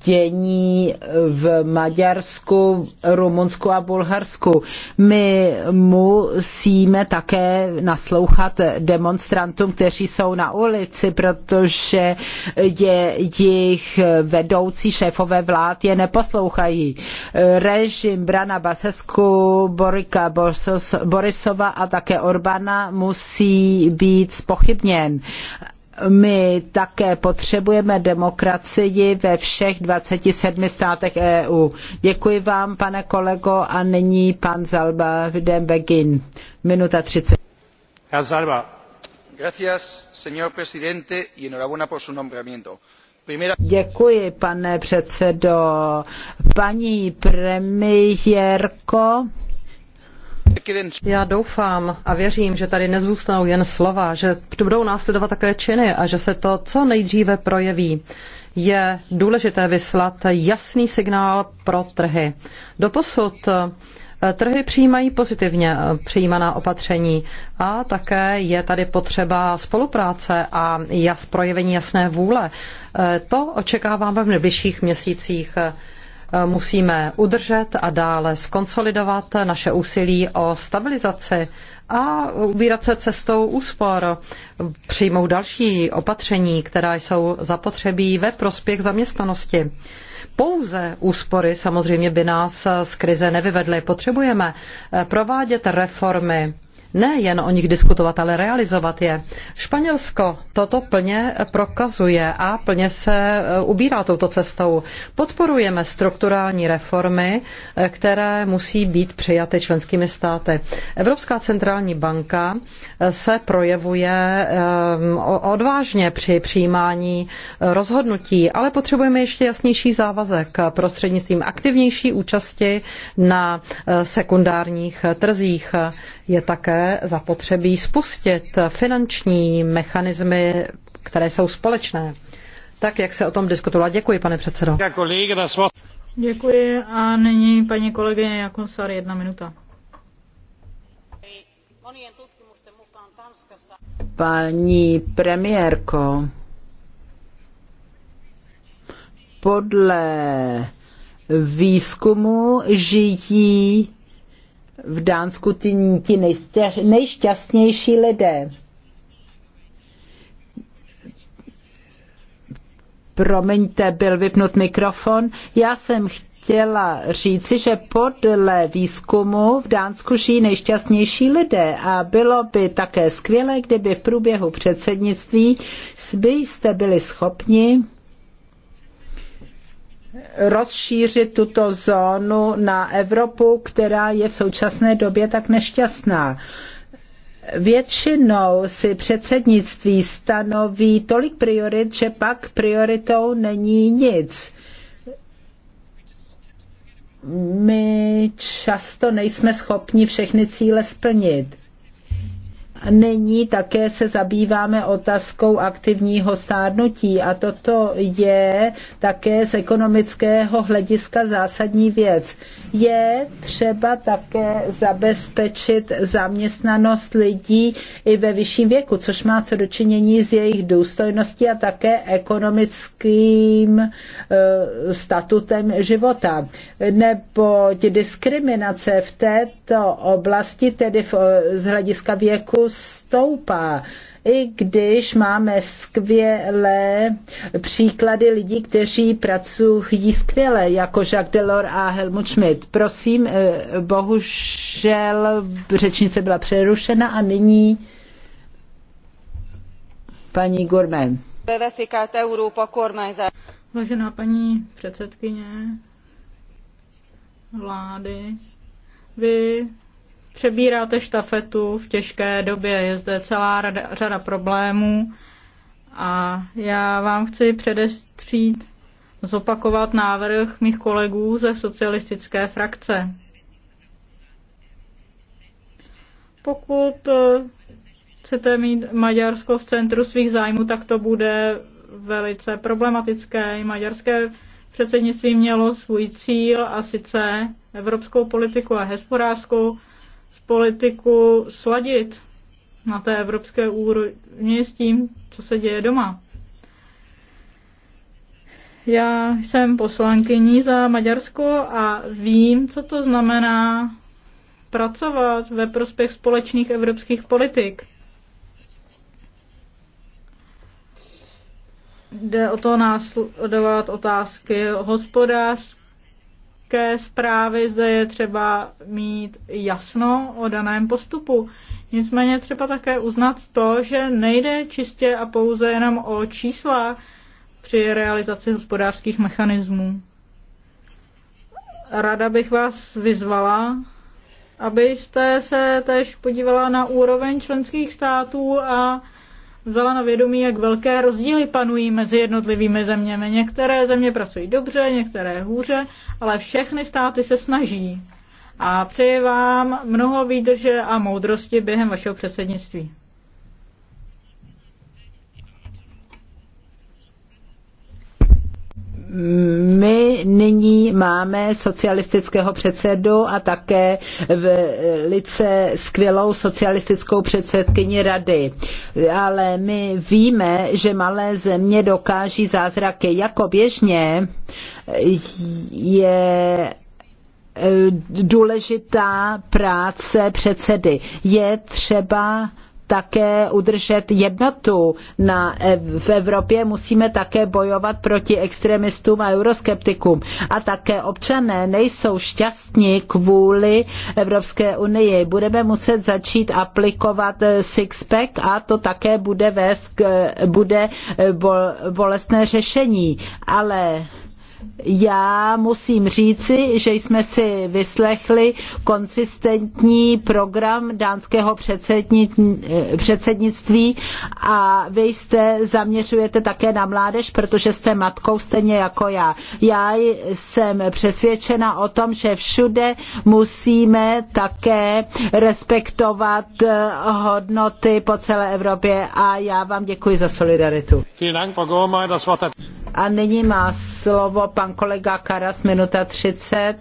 dění v Maďarsku, Rumunsku a Bulharsku. My musíme také naslouchat demonstrantům, kteří jsou na ulici, protože je jejich vedoucí šéfové vlád je neposlouchají. Režim Brana Basesku, Borika Borisova a také Orbana musí být spochybněn my také potřebujeme demokracii ve všech 27 státech EU. Děkuji vám, pane kolego, a nyní pan Zalba Videm Begin. Minuta 30. Herr Zalba. Gracias, señor presidente, y enhorabuena por su nombramiento. Děkuji, pane předsedo. Paní premiérko, já doufám a věřím, že tady nezůstanou jen slova, že budou následovat také činy a že se to co nejdříve projeví. Je důležité vyslat jasný signál pro trhy. Doposud eh, Trhy přijímají pozitivně eh, přijímaná opatření a také je tady potřeba spolupráce a jas, projevení jasné vůle. Eh, to očekáváme v nejbližších měsících musíme udržet a dále skonsolidovat naše úsilí o stabilizaci a ubírat se cestou úspor, přijmout další opatření, která jsou zapotřebí ve prospěch zaměstnanosti. Pouze úspory samozřejmě by nás z krize nevyvedly. Potřebujeme provádět reformy ne, jen o nich diskutovat, ale realizovat je. Španělsko toto plně prokazuje a plně se eh, ubírá touto cestou. Podporujeme strukturální reformy, eh, které musí být přijaty členskými státy. Evropská centrální banka eh, se projevuje odvážně při přijímání rozhodnutí, ale potřebujeme ještě jasnější závazek prostřednictvím aktivnější účasti na sekundárních trzích. Je také zapotřebí spustit finanční mechanismy, které jsou společné. Tak, jak se o tom diskutovala. Děkuji, pane předsedo. Děkuji a nyní paní kolegyně Jakonsar, jedna minuta. Paní premiérko, podle výzkumu žijí v Dánsku ty ti nejšťastnější lidé. Promiňte, byl vypnut mikrofon. Já jsem chtěla říci, že podle výzkumu v Dánsku žijí nejšťastnější lidé a bylo by také skvělé, kdyby v průběhu předsednictví byste byli schopni rozšířit tuto zónu na Evropu, která je v současné době tak nešťastná. Většinou si předsednictví stanoví tolik priorit, že pak prioritou není nic my často nejsme schopni všechny cíle splnit. Nyní také se zabýváme otázkou aktivního stárnutí a toto je také z ekonomického hlediska zásadní věc. Je třeba také zabezpečit zaměstnanost lidí i ve vyšším věku, což má co dočinění s jejich důstojností a také ekonomickým uh, statutem života. Neboť diskriminace v této oblasti, tedy v, eh, z hlediska věku, stoupá. I když máme skvělé příklady lidí, kteří pracují skvěle, jako Jacques Delors a Helmut Schmidt. Prosím, eh, bohužel řečnice byla přerušena a nyní paní Gourmet. Vážená paní předsedkyně vlády, vy přebíráte štafetu v těžké době. Je zde celá rada, řada problémů a já vám chci předestřít zopakovat návrh mých kolegů ze socialistické frakce. Pokud eh, chcete mít Maďarsko v centru svých zájmů, tak to bude velice problematické. Maďarské předsednictví mělo svůj cíl a sice evropskou politiku a hospodářskou politiku sladit na té evropské úrovni s tím, co se děje doma. Já jsem poslankyní za Maďarsko a vím, co to znamená pracovat ve prospěch společných evropských politik. Jde o to následovat otázky hospodářské, ke zprávy zde je třeba mít jasno o daném postupu. Nicméně třeba také uznat to, že nejde čistě a pouze jenom o čísla při realizaci hospodářských mechanismů. Rada bych vás vyzvala, abyste se tež podívala na úroveň členských států a vzala na vědomí, jak velké rozdíly panují mezi jednotlivými zeměmi. Některé země pracují dobře, některé hůře, ale všechny státy se snaží. A přeji vám mnoho výdrže a moudrosti během vašeho předsednictví. my nyní máme socialistického předsedu a také v lice skvělou socialistickou předsedkyni rady. Ale my víme, že malé země dokáží zázraky. Jako běžně je e, důležitá práce předsedy. Je třeba také udržet jednotu na, eh, v Evropě, musíme také bojovat proti extremistům a euroskeptikům. A také občané nejsou šťastní kvůli Evropské unii. Budeme muset začít aplikovat eh, six-pack a to také bude, vést k, eh, bude bolestné řešení. Ale já musím říci, že jsme si vyslechli konsistentní program dánského předsednictví a vy jste zaměřujete také na mládež, protože jste matkou stejně jako já. Já jsem přesvědčena o tom, že všude musíme také respektovat eh, hodnoty po celé Evropě a já vám děkuji za solidaritu. A nyní má slovo pan kolega Karas, minuta 30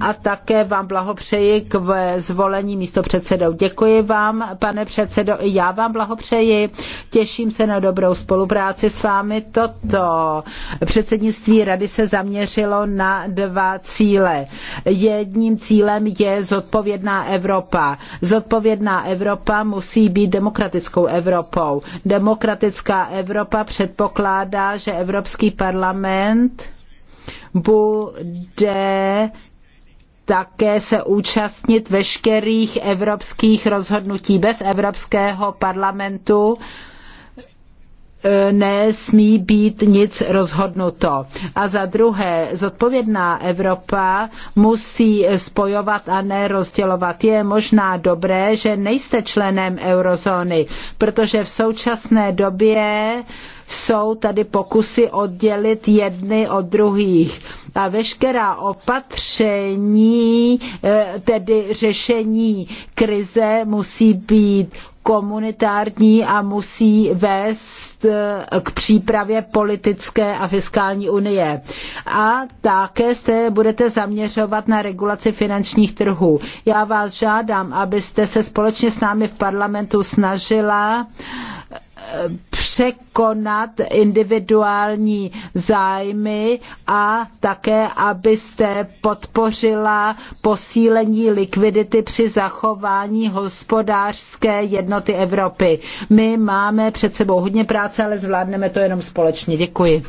a také vám blahopřeji k zvolení místo předsedou. Děkuji vám, pane předsedo, i já vám blahopřeji. Těším se na dobrou spolupráci s vámi. Toto předsednictví rady se zaměřilo na dva cíle. Jedním cílem je zodpovědná Evropa. Zodpovědná Evropa musí být demokratickou Evropou. Demokratická Evropa předpokládá, že Evropský parlament bude také se účastnit veškerých evropských rozhodnutí bez Evropského parlamentu e, nesmí být nic rozhodnuto. A za druhé, zodpovědná Evropa musí spojovat a ne rozdělovat. Je možná dobré, že nejste členem eurozóny, protože v současné době uh, jsou tady pokusy oddělit jedny od druhých. A veškerá opatření, e, tedy řešení krize, musí být komunitární a musí vést e, k přípravě politické a fiskální unie. A také se budete zaměřovat na regulaci finančních trhů. Já vás žádám, abyste se společně s námi v parlamentu snažila překonat individuální zájmy a také, abyste podpořila posílení likvidity při zachování hospodářské jednoty Evropy. My máme před sebou hodně práce, ale zvládneme to jenom společně. Děkuji.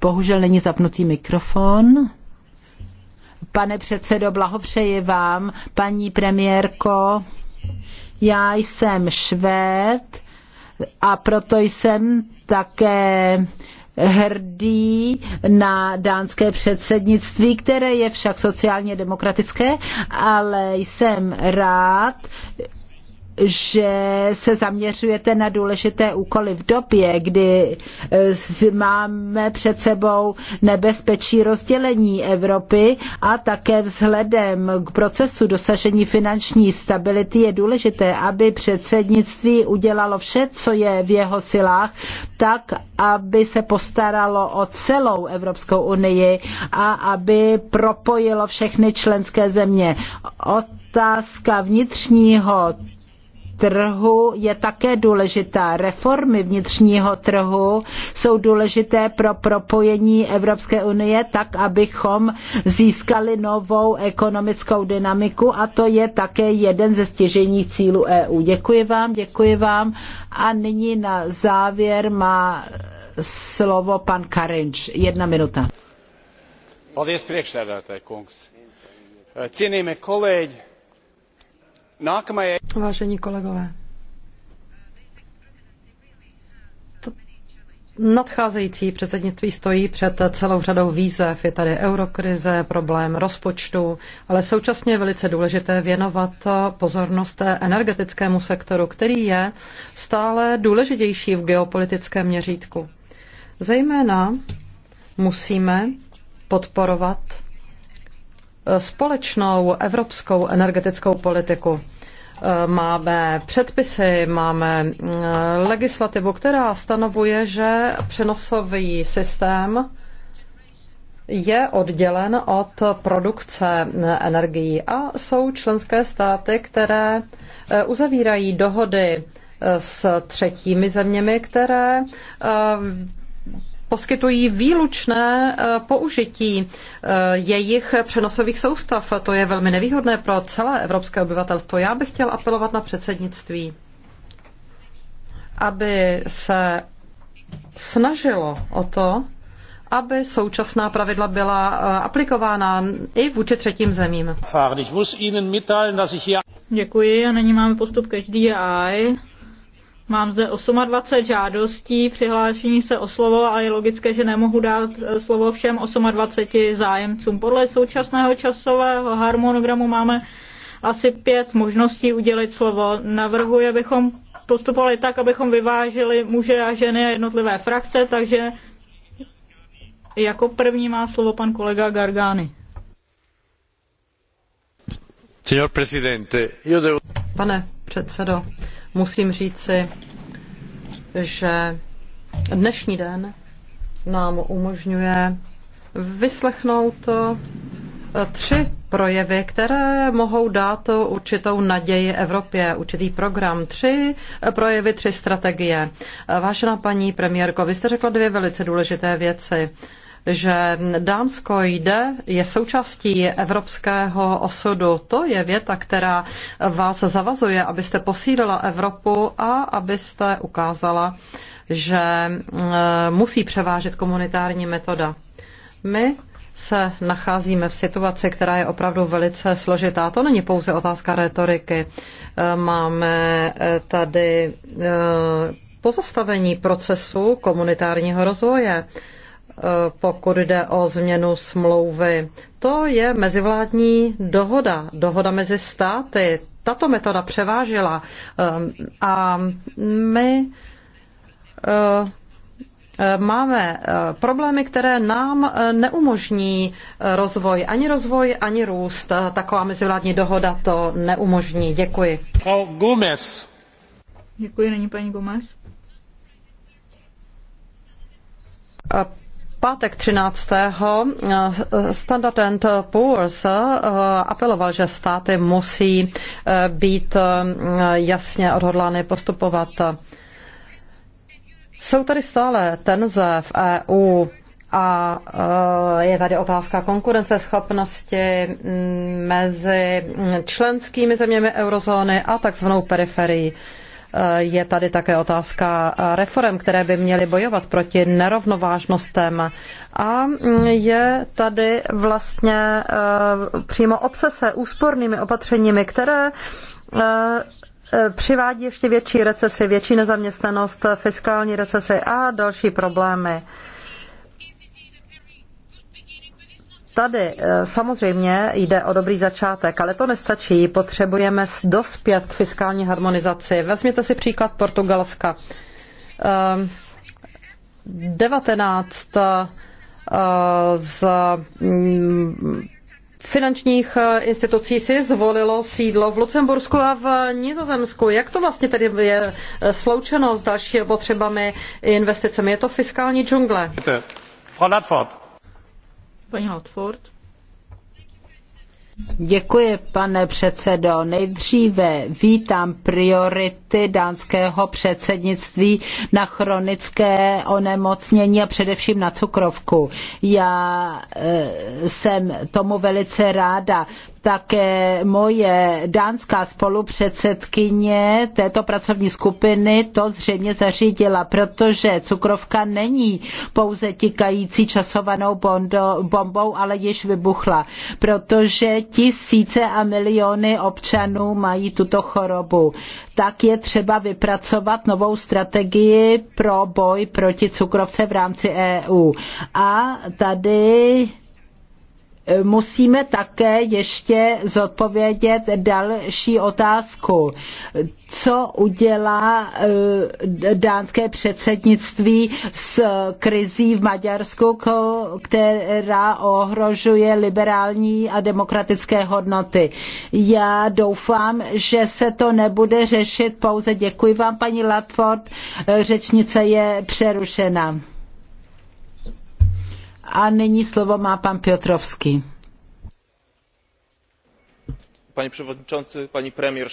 Bohužel není zapnutý mikrofon. Pane předsedo, blahopřeji vám, paní premiérko. Já jsem Švéd a proto jsem také hrdý na dánské předsednictví, které je však sociálně demokratické, ale jsem rád, že se zaměřujete na důležité úkoly v době, kdy eh, máme před sebou nebezpečí rozdělení Evropy a také vzhledem k procesu dosažení finanční stability je důležité, aby předsednictví udělalo vše, co je v jeho silách, tak, aby se postaralo o celou Evropskou unii a aby propojilo všechny členské země. Otázka vnitřního trhu je také důležitá. Reformy vnitřního trhu jsou důležité pro propojení Evropské unie tak, abychom získali novou ekonomickou dynamiku a to je také jeden ze stěžejních cílů EU. Děkuji vám, děkuji vám a nyní na závěr má slovo pan Karinč. Jedna minuta. Paldies priekšsēdētāji kungs. Cienījamie kolēģi, Vážení kolegové, nadcházející předsednictví stojí před celou řadou výzev. Je tady eurokrize, problém rozpočtu, ale současně je velice důležité věnovat pozornost energetickému sektoru, který je stále důležitější v geopolitickém měřítku. Zejména musíme podporovat společnou evropskou energetickou politiku. Eh, máme předpisy, máme eh, legislativu, která stanovuje, že přenosový systém je oddělen od produkce eh, energií a jsou členské státy, které uzavírají dohody s třetími zeměmi, které poskytují výlučné eh, použití eh, jejich přenosových soustav. To je velmi nevýhodné pro celé evropské obyvatelstvo. Já bych chtěl apelovat na předsednictví, aby se snažilo o to, aby současná pravidla byla eh, aplikována i vůči třetím zemím. Děkuji a nyní máme postup každý DI. Mám zde 28 žádostí, přihlášení se o slovo a je logické, že nemohu dát eh, slovo všem 28 zájemcům. Podle současného časového harmonogramu máme asi pět možností udělit slovo. Navrhuji, abychom postupovali tak, abychom vyvážili muže a ženy a jednotlivé frakce, takže jako první má slovo pan kolega Gargány. Pane předsedo, musím říci, že dnešní den nám umožňuje vyslechnout eh, tři projevy, které mohou dát určitou naději Evropě, určitý program. Tři projevy, tři strategie. Eh, vážená paní premiérko, vy jste řekla dvě velice důležité věci že Dánsko jde, je součástí evropského osudu. To je věta, která vás zavazuje, abyste posílila Evropu a abyste ukázala, že eh, musí převážet komunitární metoda. My se nacházíme v situaci, která je opravdu velice složitá. To není pouze otázka retoriky. Eh, máme eh, tady pozastavení procesu komunitárního rozvoje. Eh, pokud jde o změnu smlouvy. To je mezivládní dohoda, dohoda mezi státy. Tato metoda převážila eh, a my eh, máme problémy, které nám neumožní rozvoj, ani rozvoj, ani růst. Taková mezivládní dohoda to neumožní. Děkuji. Frau Gomez. Děkuji, není paní Gomez pátek 13. Eh, Standard and Poor's eh, apeloval, že státy musí eh, být jasně odhodlány postupovat. Jsou tady stále tenze v EU a je tady otázka konkurenceschopnosti mm, mezi členskými zeměmi eurozóny a takzvanou periferií. Je tady také otázka reform, které by měly bojovat proti nerovnovážnostem. A je tady vlastně eh, přímo obsese úspornými opatřeními, které eh, přivádí ještě větší recesi, větší nezaměstnanost, fiskální recesi a další problémy. Tady eh, samozřejmě jde o dobrý začátek, ale to nestačí. Potřebujeme dospět k fiskální harmonizaci. Vezměte si příklad Portugalska. 19 eh, eh, z mm, finančních institucí si zvolilo sídlo v Lucembursku a v Nizozemsku. Jak to vlastně tedy je sloučeno s dalšími potřebami investicemi? Je to fiskální džungle. Frau Latford paní Děkuji, pane předsedo. Nejdříve vítám priority dánského předsednictví na chronické onemocnění a především na cukrovku. Já eh, jsem tomu velice ráda, také moje dánská spolupředsedkyně této pracovní skupiny to zřejmě zařídila, protože cukrovka není pouze tikající časovanou bondo, bombou, ale již vybuchla, protože tisíce a miliony občanů mají tuto chorobu. Tak je třeba vypracovat novou strategii pro boj proti cukrovce v rámci EU. A tady musíme také ještě zodpovědět další otázku. Co udělá eh, dánské předsednictví s krizí v Maďarsku, která ohrožuje liberální a demokratické hodnoty? Já doufám, že se to nebude řešit pouze. Děkuji vám, paní Latford. Eh, řečnice je přerušena. A nyní slovo má pan Piotrovský panie przewodniczący pani premier!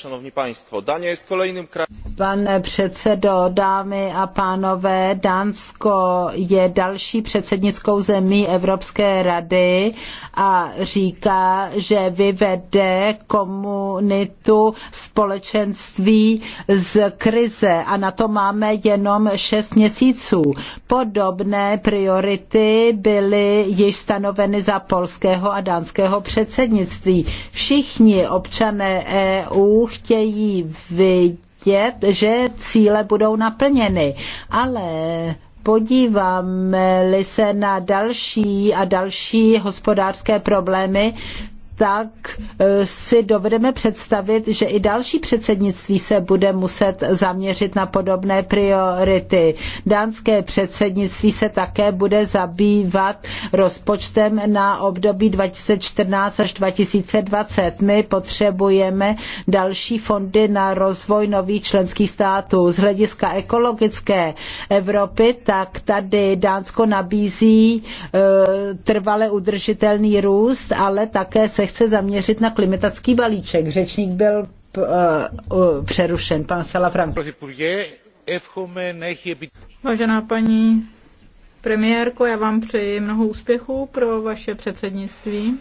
dania jest kolejnym krajem. pane předsedo dámy a pánové dánsko je další předsednickou zemí evropské rady a říká že vyvede komunitu společenství z krize a na to máme jenom šest měsíců. podobné priority byly již stanoveny za polského a dánského předsednictví. všichni občané EU chtějí vidět, že cíle budou naplněny, ale podíváme-li se na další a další hospodářské problémy, tak eh, si dovedeme představit, že i další předsednictví se bude muset zaměřit na podobné priority. Dánské předsednictví se také bude zabývat rozpočtem na období 2014 až 2020. My potřebujeme další fondy na rozvoj nových členských států. Z hlediska ekologické Evropy, tak tady Dánsko nabízí eh, trvale udržitelný růst, ale také se se chce zaměřit na klimatický balíček. Řečník byl eh, přerušen. Pan Salafrank. Vážená paní premiérko, já vám přeji mnoho úspěchů pro vaše předsednictví.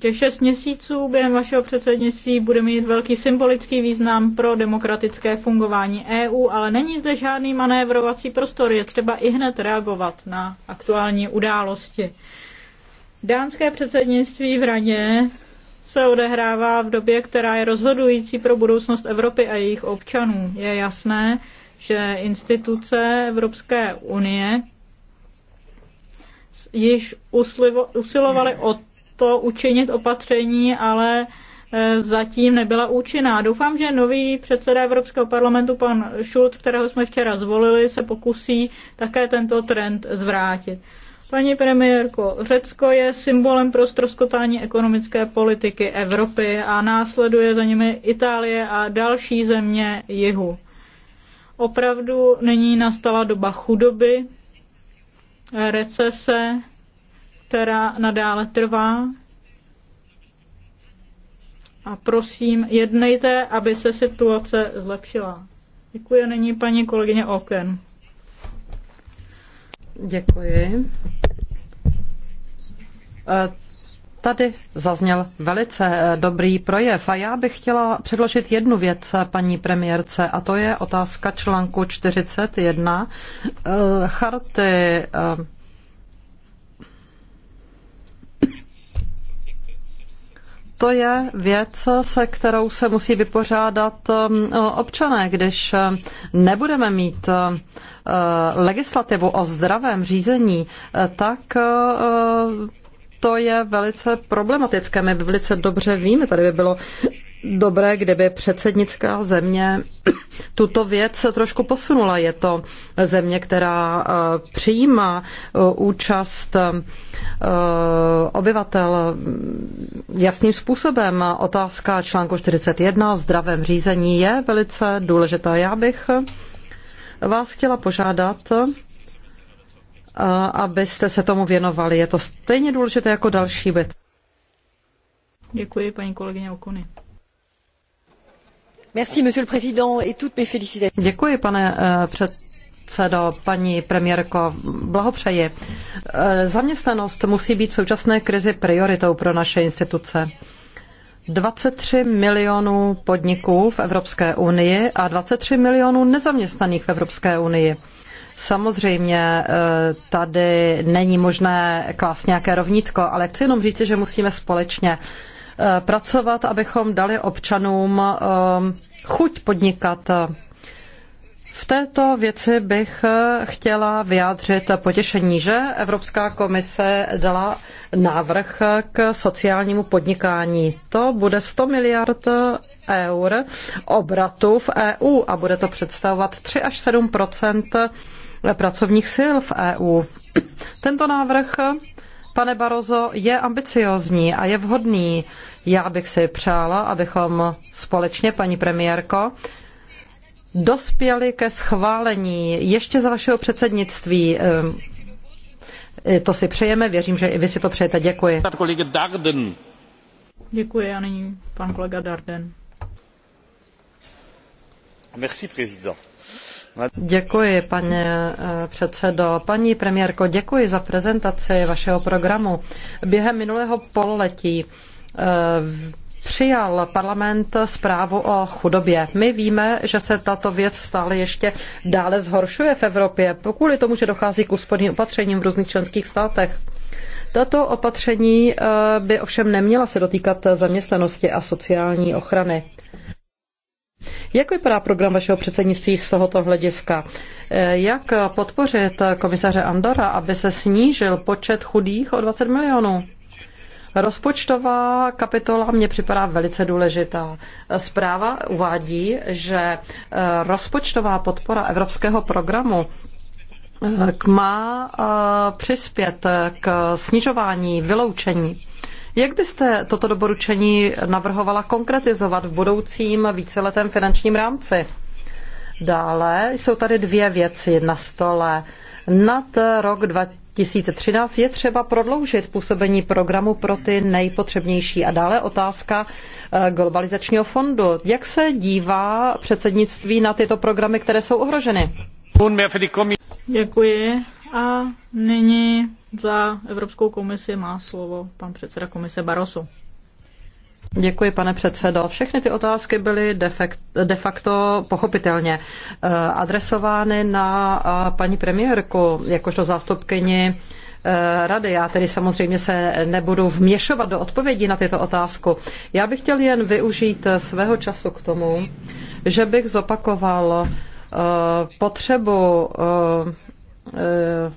Těch šest měsíců během vašeho předsednictví bude mít velký symbolický význam pro demokratické fungování EU, ale není zde žádný manévrovací prostor, je třeba i hned reagovat na aktuální události. Dánské předsednictví v Radě se odehrává v době, která je rozhodující pro budoucnost Evropy a jejich občanů. Je jasné, že instituce Evropské unie již usilovaly o to učinit opatření, ale eh, zatím nebyla účinná. Doufám, že nový předseda Evropského parlamentu, pan Schulz, kterého jsme včera zvolili, se pokusí také tento trend zvrátit. Paní premiérko, Řecko je symbolem pro stroskotání ekonomické politiky Evropy a následuje za nimi Itálie a další země jihu. Opravdu není nastala doba chudoby, recese, která nadále trvá. A prosím, jednejte, aby se situace zlepšila. Děkuji, není paní kolegyně Oken. Děkuji. E, tady zazněl velice e, dobrý projev a já bych chtěla předložit jednu věc e, paní premiérce a to je otázka článku 41 charty to je věc, se kterou se musí vypořádat um, občané. Když um, nebudeme mít uh, uh, legislativu o zdravém řízení, uh, tak to je velice problematické. My velice dobře víme, tady by bylo dobré, kdyby předsednická země tuto věc trošku posunula. Je to země, která eh, přijímá eh, účast eh, obyvatel mm, jasným způsobem. Otázka článku 41 o zdravém řízení je velice důležitá. Já bych vás chtěla požádat, abyste se tomu věnovali. Je to stejně důležité jako další věc. Děkuji, paní kolegyně Okuny. Děkuji, pane eh, předsedo, paní premiérko, blahopřeji. Eh, zaměstnanost musí být v současné krizi prioritou pro naše instituce. 23 milionů podniků v Evropské unii a 23 milionů nezaměstnaných v Evropské unii. Samozřejmě eh, tady není možné klást nějaké rovnítko, ale chci jenom říct, že musíme společně Eh, pracovat, abychom dali občanům eh, chuť podnikat. V této věci bych eh, chtěla vyjádřit potěšení, že Evropská komise dala návrh k sociálnímu podnikání. To bude 100 miliard eur obratu v EU a bude to představovat 3 až 7 pracovních sil v EU. Tento návrh pane Barozo, je ambiciozní a je vhodný. Já bych si přála, abychom společně, paní premiérko, dospěli ke schválení ještě za vašeho předsednictví. Ehm, to si přejeme, věřím, že i vy si to přejete. Děkuji. Děkuji a nyní pan kolega Darden. Merci, président. Děkuji, pane eh, předsedo. Paní premiérko, děkuji za prezentaci vašeho programu. Během minulého pololetí eh, přijal parlament zprávu o chudobě. My víme, že se tato věc stále ještě dále zhoršuje v Evropě, kvůli tomu, že dochází k úsporným opatřením v různých členských státech. Tato opatření eh, by ovšem neměla se dotýkat zaměstnanosti a sociální ochrany. Jak vypadá program vašeho předsednictví z tohoto hlediska? Eh, jak podpořit komisaře Andora, aby se snížil počet chudých o 20 milionů? Rozpočtová kapitola mě připadá velice důležitá. Zpráva uvádí, že eh, rozpočtová podpora evropského programu eh, má přispět k snižování vyloučení. Jak byste toto doporučení navrhovala konkretizovat v budoucím víceletém finančním rámci? Dále jsou tady dvě věci na stole. Nad rok 2013 je třeba prodloužit působení programu pro ty nejpotřebnější. A dále otázka eh, globalizačního fondu. Jak se dívá předsednictví na tyto programy, které jsou ohroženy? Děkuji. A nyní za Evropskou komisi má slovo pan předseda komise Barosu. Děkuji, pane předsedo. Všechny ty otázky byly de facto pochopitelně eh, adresovány na eh, paní premiérku, jakožto zástupkyni eh, rady. Já tedy samozřejmě se nebudu vměšovat do odpovědí na tyto otázku. Já bych chtěl jen využít svého času k tomu, že bych zopakoval potřebu Eh,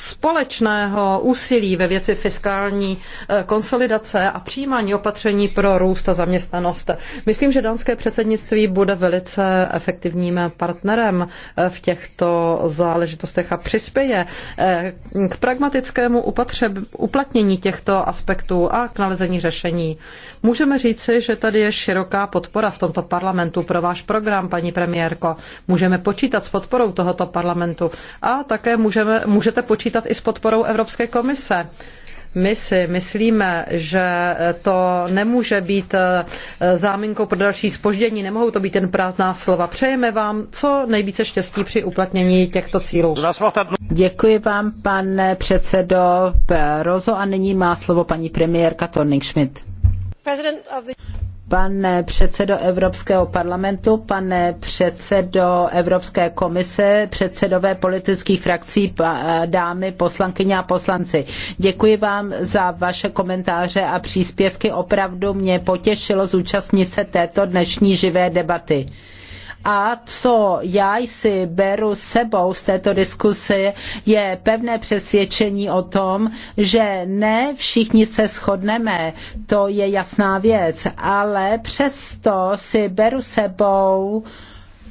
společného úsilí ve věci fiskální eh, konsolidace a přijímání opatření pro růst a zaměstnanost. Myslím, že dánské předsednictví bude velice efektivním partnerem eh, v těchto záležitostech a přispěje k pragmatickému uplatnění těchto aspektů a k nalezení řešení. Můžeme říci, že tady je široká podpora v tomto parlamentu pro váš program, paní premiérko. Můžeme počítat s podporou tohoto parlamentu a také můžeme, můžete počítat i s podporou Evropské komise. My si myslíme, že to nemůže být eh, záminkou pro další spoždění, nemohou to být jen prázdná slova. Přejeme vám co nejvíce štěstí při uplatnění těchto cílů. Děkuji vám, pane předsedo Rozo, a nyní má slovo paní premiérka Torning Schmidt. Pane předsedo Evropského parlamentu, pane předsedo Evropské komise, předsedové politických frakcí, dámy, poslankyně a poslanci. Děkuji vám za vaše komentáře a příspěvky. Opravdu mě potěšilo zúčastnit se této dnešní živé debaty. A co já si beru sebou z této diskuse, je pevné přesvědčení o tom, že ne všichni se shodneme, to je jasná věc, ale přesto si beru sebou uh,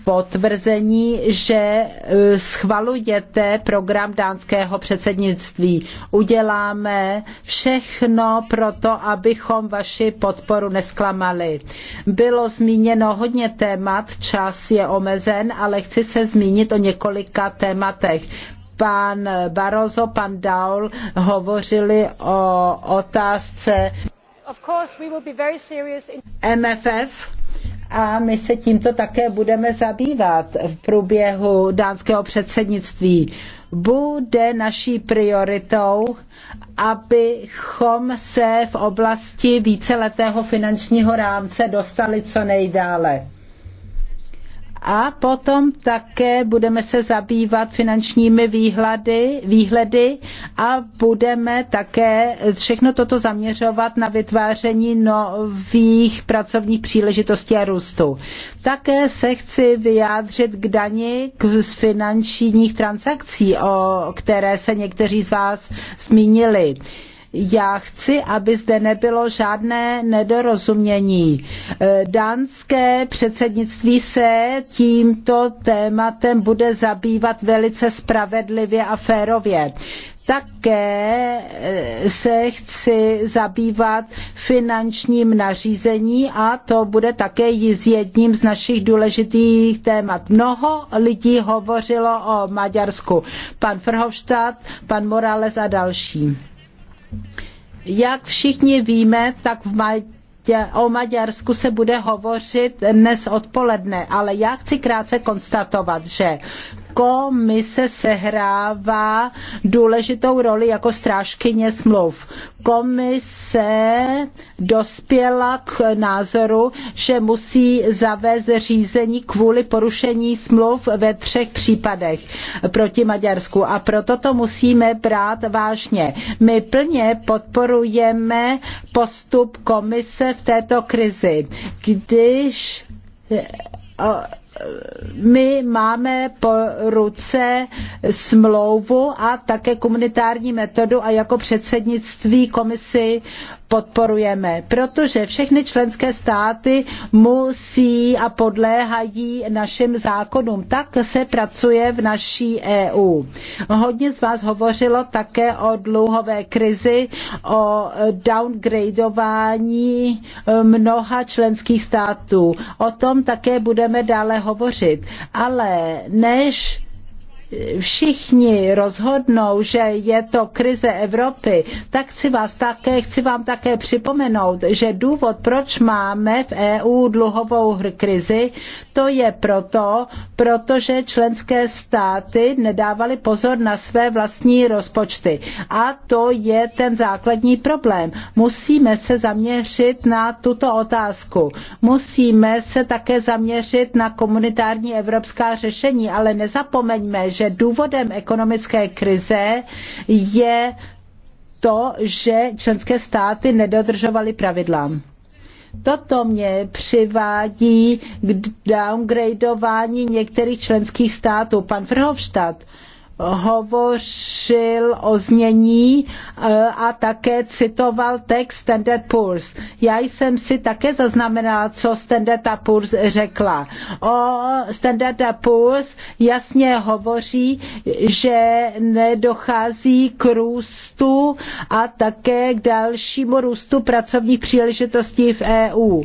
potvrzení, že e, schvalujete program dánského předsednictví. Uděláme všechno pro to, abychom vaši podporu nesklamali. Bylo zmíněno hodně témat, čas je omezen, ale chci se zmínit o několika tématech pan Barroso, pan Daul hovořili o otázce MFF a my se tímto také budeme zabývat v průběhu dánského předsednictví. Bude naší prioritou, abychom se v oblasti víceletého finančního rámce dostali co nejdále. A potom také budeme se zabývat finančními výhledy, výhledy a budeme také všechno toto zaměřovat na vytváření nových pracovních příležitostí a růstu. Také se chci vyjádřit k dani z finančních transakcí, o které se někteří z vás zmínili já chci, aby zde nebylo žádné nedorozumění. E, dánské předsednictví se tímto tématem bude zabývat velice spravedlivě a férově. Také e, se chci zabývat finančním nařízení a to bude také jedním z našich důležitých témat. Mnoho lidí hovořilo o Maďarsku. Pan Frhovštát, pan Morales a další. Jak všichni víme, tak v Maďa, o Maďarsku se bude hovořit dnes odpoledne, ale já chci krátce konstatovat, že komise sehrává důležitou roli jako strážkyně smluv. Komise dospěla k názoru, že musí zavést řízení kvůli porušení smluv ve třech případech proti Maďarsku a proto to musíme brát vážně. My plně podporujeme postup komise v této krizi. Když eh, my máme po ruce smlouvu a také komunitární metodu a jako předsednictví komisi podporujeme, protože všechny členské státy musí a podléhají našim zákonům. Tak se pracuje v naší EU. Hodně z vás hovořilo také o dluhové krizi, o downgradování eh, mnoha členských států. O tom také budeme dále hovořit. Ale než všichni rozhodnou, že je to krize Evropy, tak chci, vás také, chci vám také připomenout, že důvod, proč máme v EU dluhovou krizi, to je proto, protože členské státy nedávaly pozor na své vlastní rozpočty. A to je ten základní problém. Musíme se zaměřit na tuto otázku. Musíme se také zaměřit na komunitární evropská řešení, ale nezapomeňme, že důvodem ekonomické krize je to, že členské státy nedodržovaly pravidla. Toto mě přivádí k downgradování některých členských států. Pan Verhofstadt hovořil o znění eh, a také citoval text Standard Poor's. Já jsem si také zaznamenala, co Standard Poor's řekla. O Standard Poor's jasně hovoří, že nedochází k růstu a také k dalšímu růstu pracovních příležitostí v EU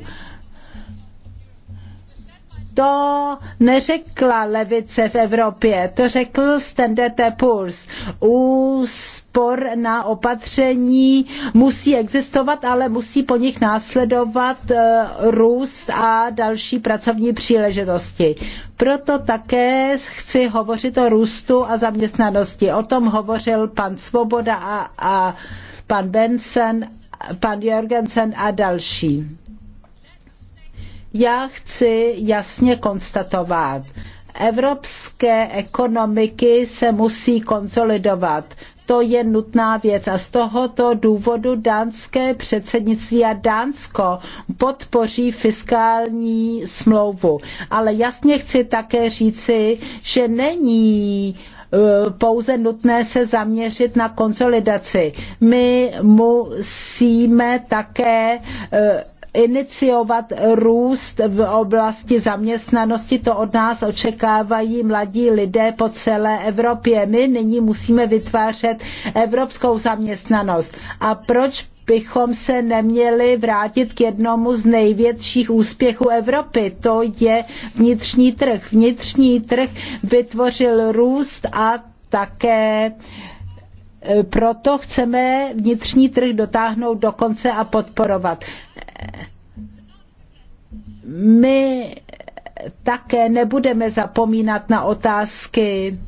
to neřekla levice v Evropě, to řekl Standard Poor's. Úsporná opatření musí existovat, ale musí po nich následovat eh, růst a další pracovní příležitosti. Proto také chci hovořit o růstu a zaměstnanosti. O tom hovořil pan Svoboda a, a pan Benson, pan Jorgensen a další. Já chci jasně konstatovat, evropské ekonomiky se musí konsolidovat. To je nutná věc a z tohoto důvodu dánské předsednictví a Dánsko podpoří fiskální smlouvu. Ale jasně chci také říci, že není eh, pouze nutné se zaměřit na konsolidaci. My musíme také eh, iniciovat růst v oblasti zaměstnanosti. To od nás očekávají mladí lidé po celé Evropě. My nyní musíme vytvářet evropskou zaměstnanost. A proč bychom se neměli vrátit k jednomu z největších úspěchů Evropy. To je vnitřní trh. Vnitřní trh vytvořil růst a také e, proto chceme vnitřní trh dotáhnout do konce a podporovat my také nebudeme zapomínat na otázky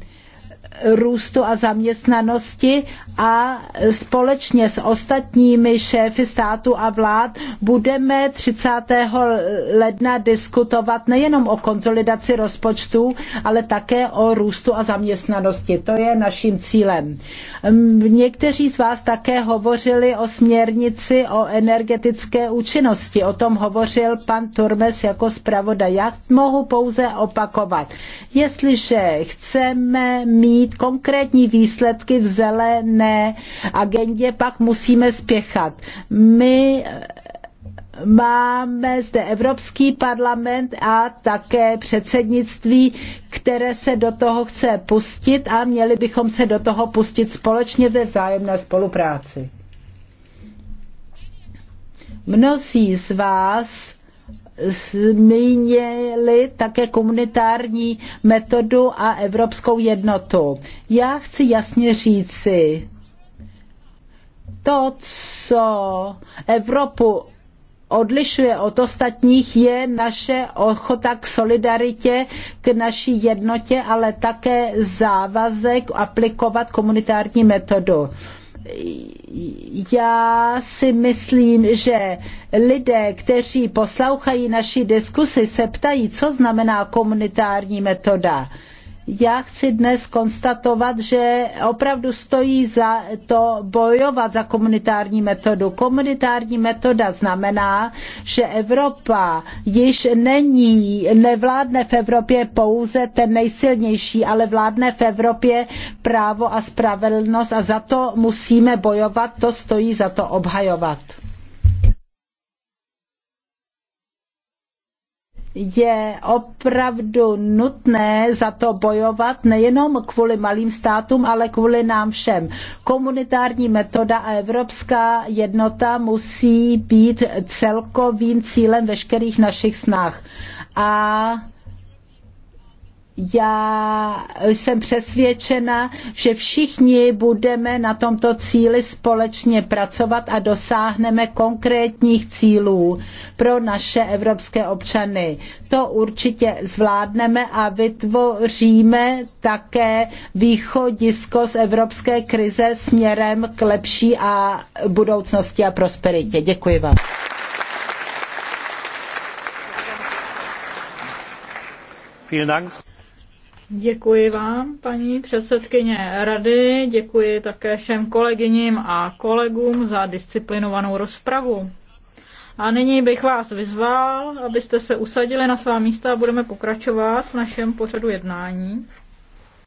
růstu a zaměstnanosti a společně s ostatními šéfy států a vlád budeme 30. ledna diskutovat nejenom o konsolidaci rozpočtu, ale také o růstu a zaměstnanosti. To je naším cílem. Někteří z vás také hovořili o směrnici o energetické účinnosti. O tom hovořil pan Turmes jako zpravodaj. Já mohu pouze opakovat. Jestliže chceme mít mít konkrétní výsledky v zelené agendě, pak musíme spěchat. My eh, máme zde Evropský parlament a také předsednictví, které se do toho chce pustit a měli bychom se do toho pustit společně ve vzájemné spolupráci. Mnozí z vás zmínili také komunitární metodu a evropskou jednotu. Já chci jasně říci, to, co Evropu odlišuje od ostatních, je naše ochota k solidaritě, k naší jednotě, ale také závazek aplikovat komunitární metodu já si myslím, že lidé, kteří poslouchají naši diskusi, se ptají, co znamená komunitární metoda já chci dnes konstatovat, že opravdu stojí za to bojovat za komunitární metodu. Komunitární metoda znamená, že Evropa již není, nevládne v Evropě pouze ten nejsilnější, ale vládne v Evropě právo a spravedlnost a za to musíme bojovat, to stojí za to obhajovat. je opravdu nutné za to bojovat nejenom kvůli malým státům, ale kvůli nám všem. Komunitární metoda a evropská jednota musí být celkovým cílem veškerých našich snah. A já jsem přesvědčena, že všichni budeme na tomto cíli společně pracovat a dosáhneme konkrétních cílů pro naše evropské občany. To určitě zvládneme a vytvoříme také východisko z evropské krize směrem k lepší a budoucnosti a prosperitě. Děkuji vám. Vielen Dank. Děkuji vám, paní předsedkyně rady, děkuji také všem kolegyním a kolegům za disciplinovanou rozpravu. A nyní bych vás vyzval, abyste se usadili na svá místa a budeme pokračovat v našem pořadu jednání.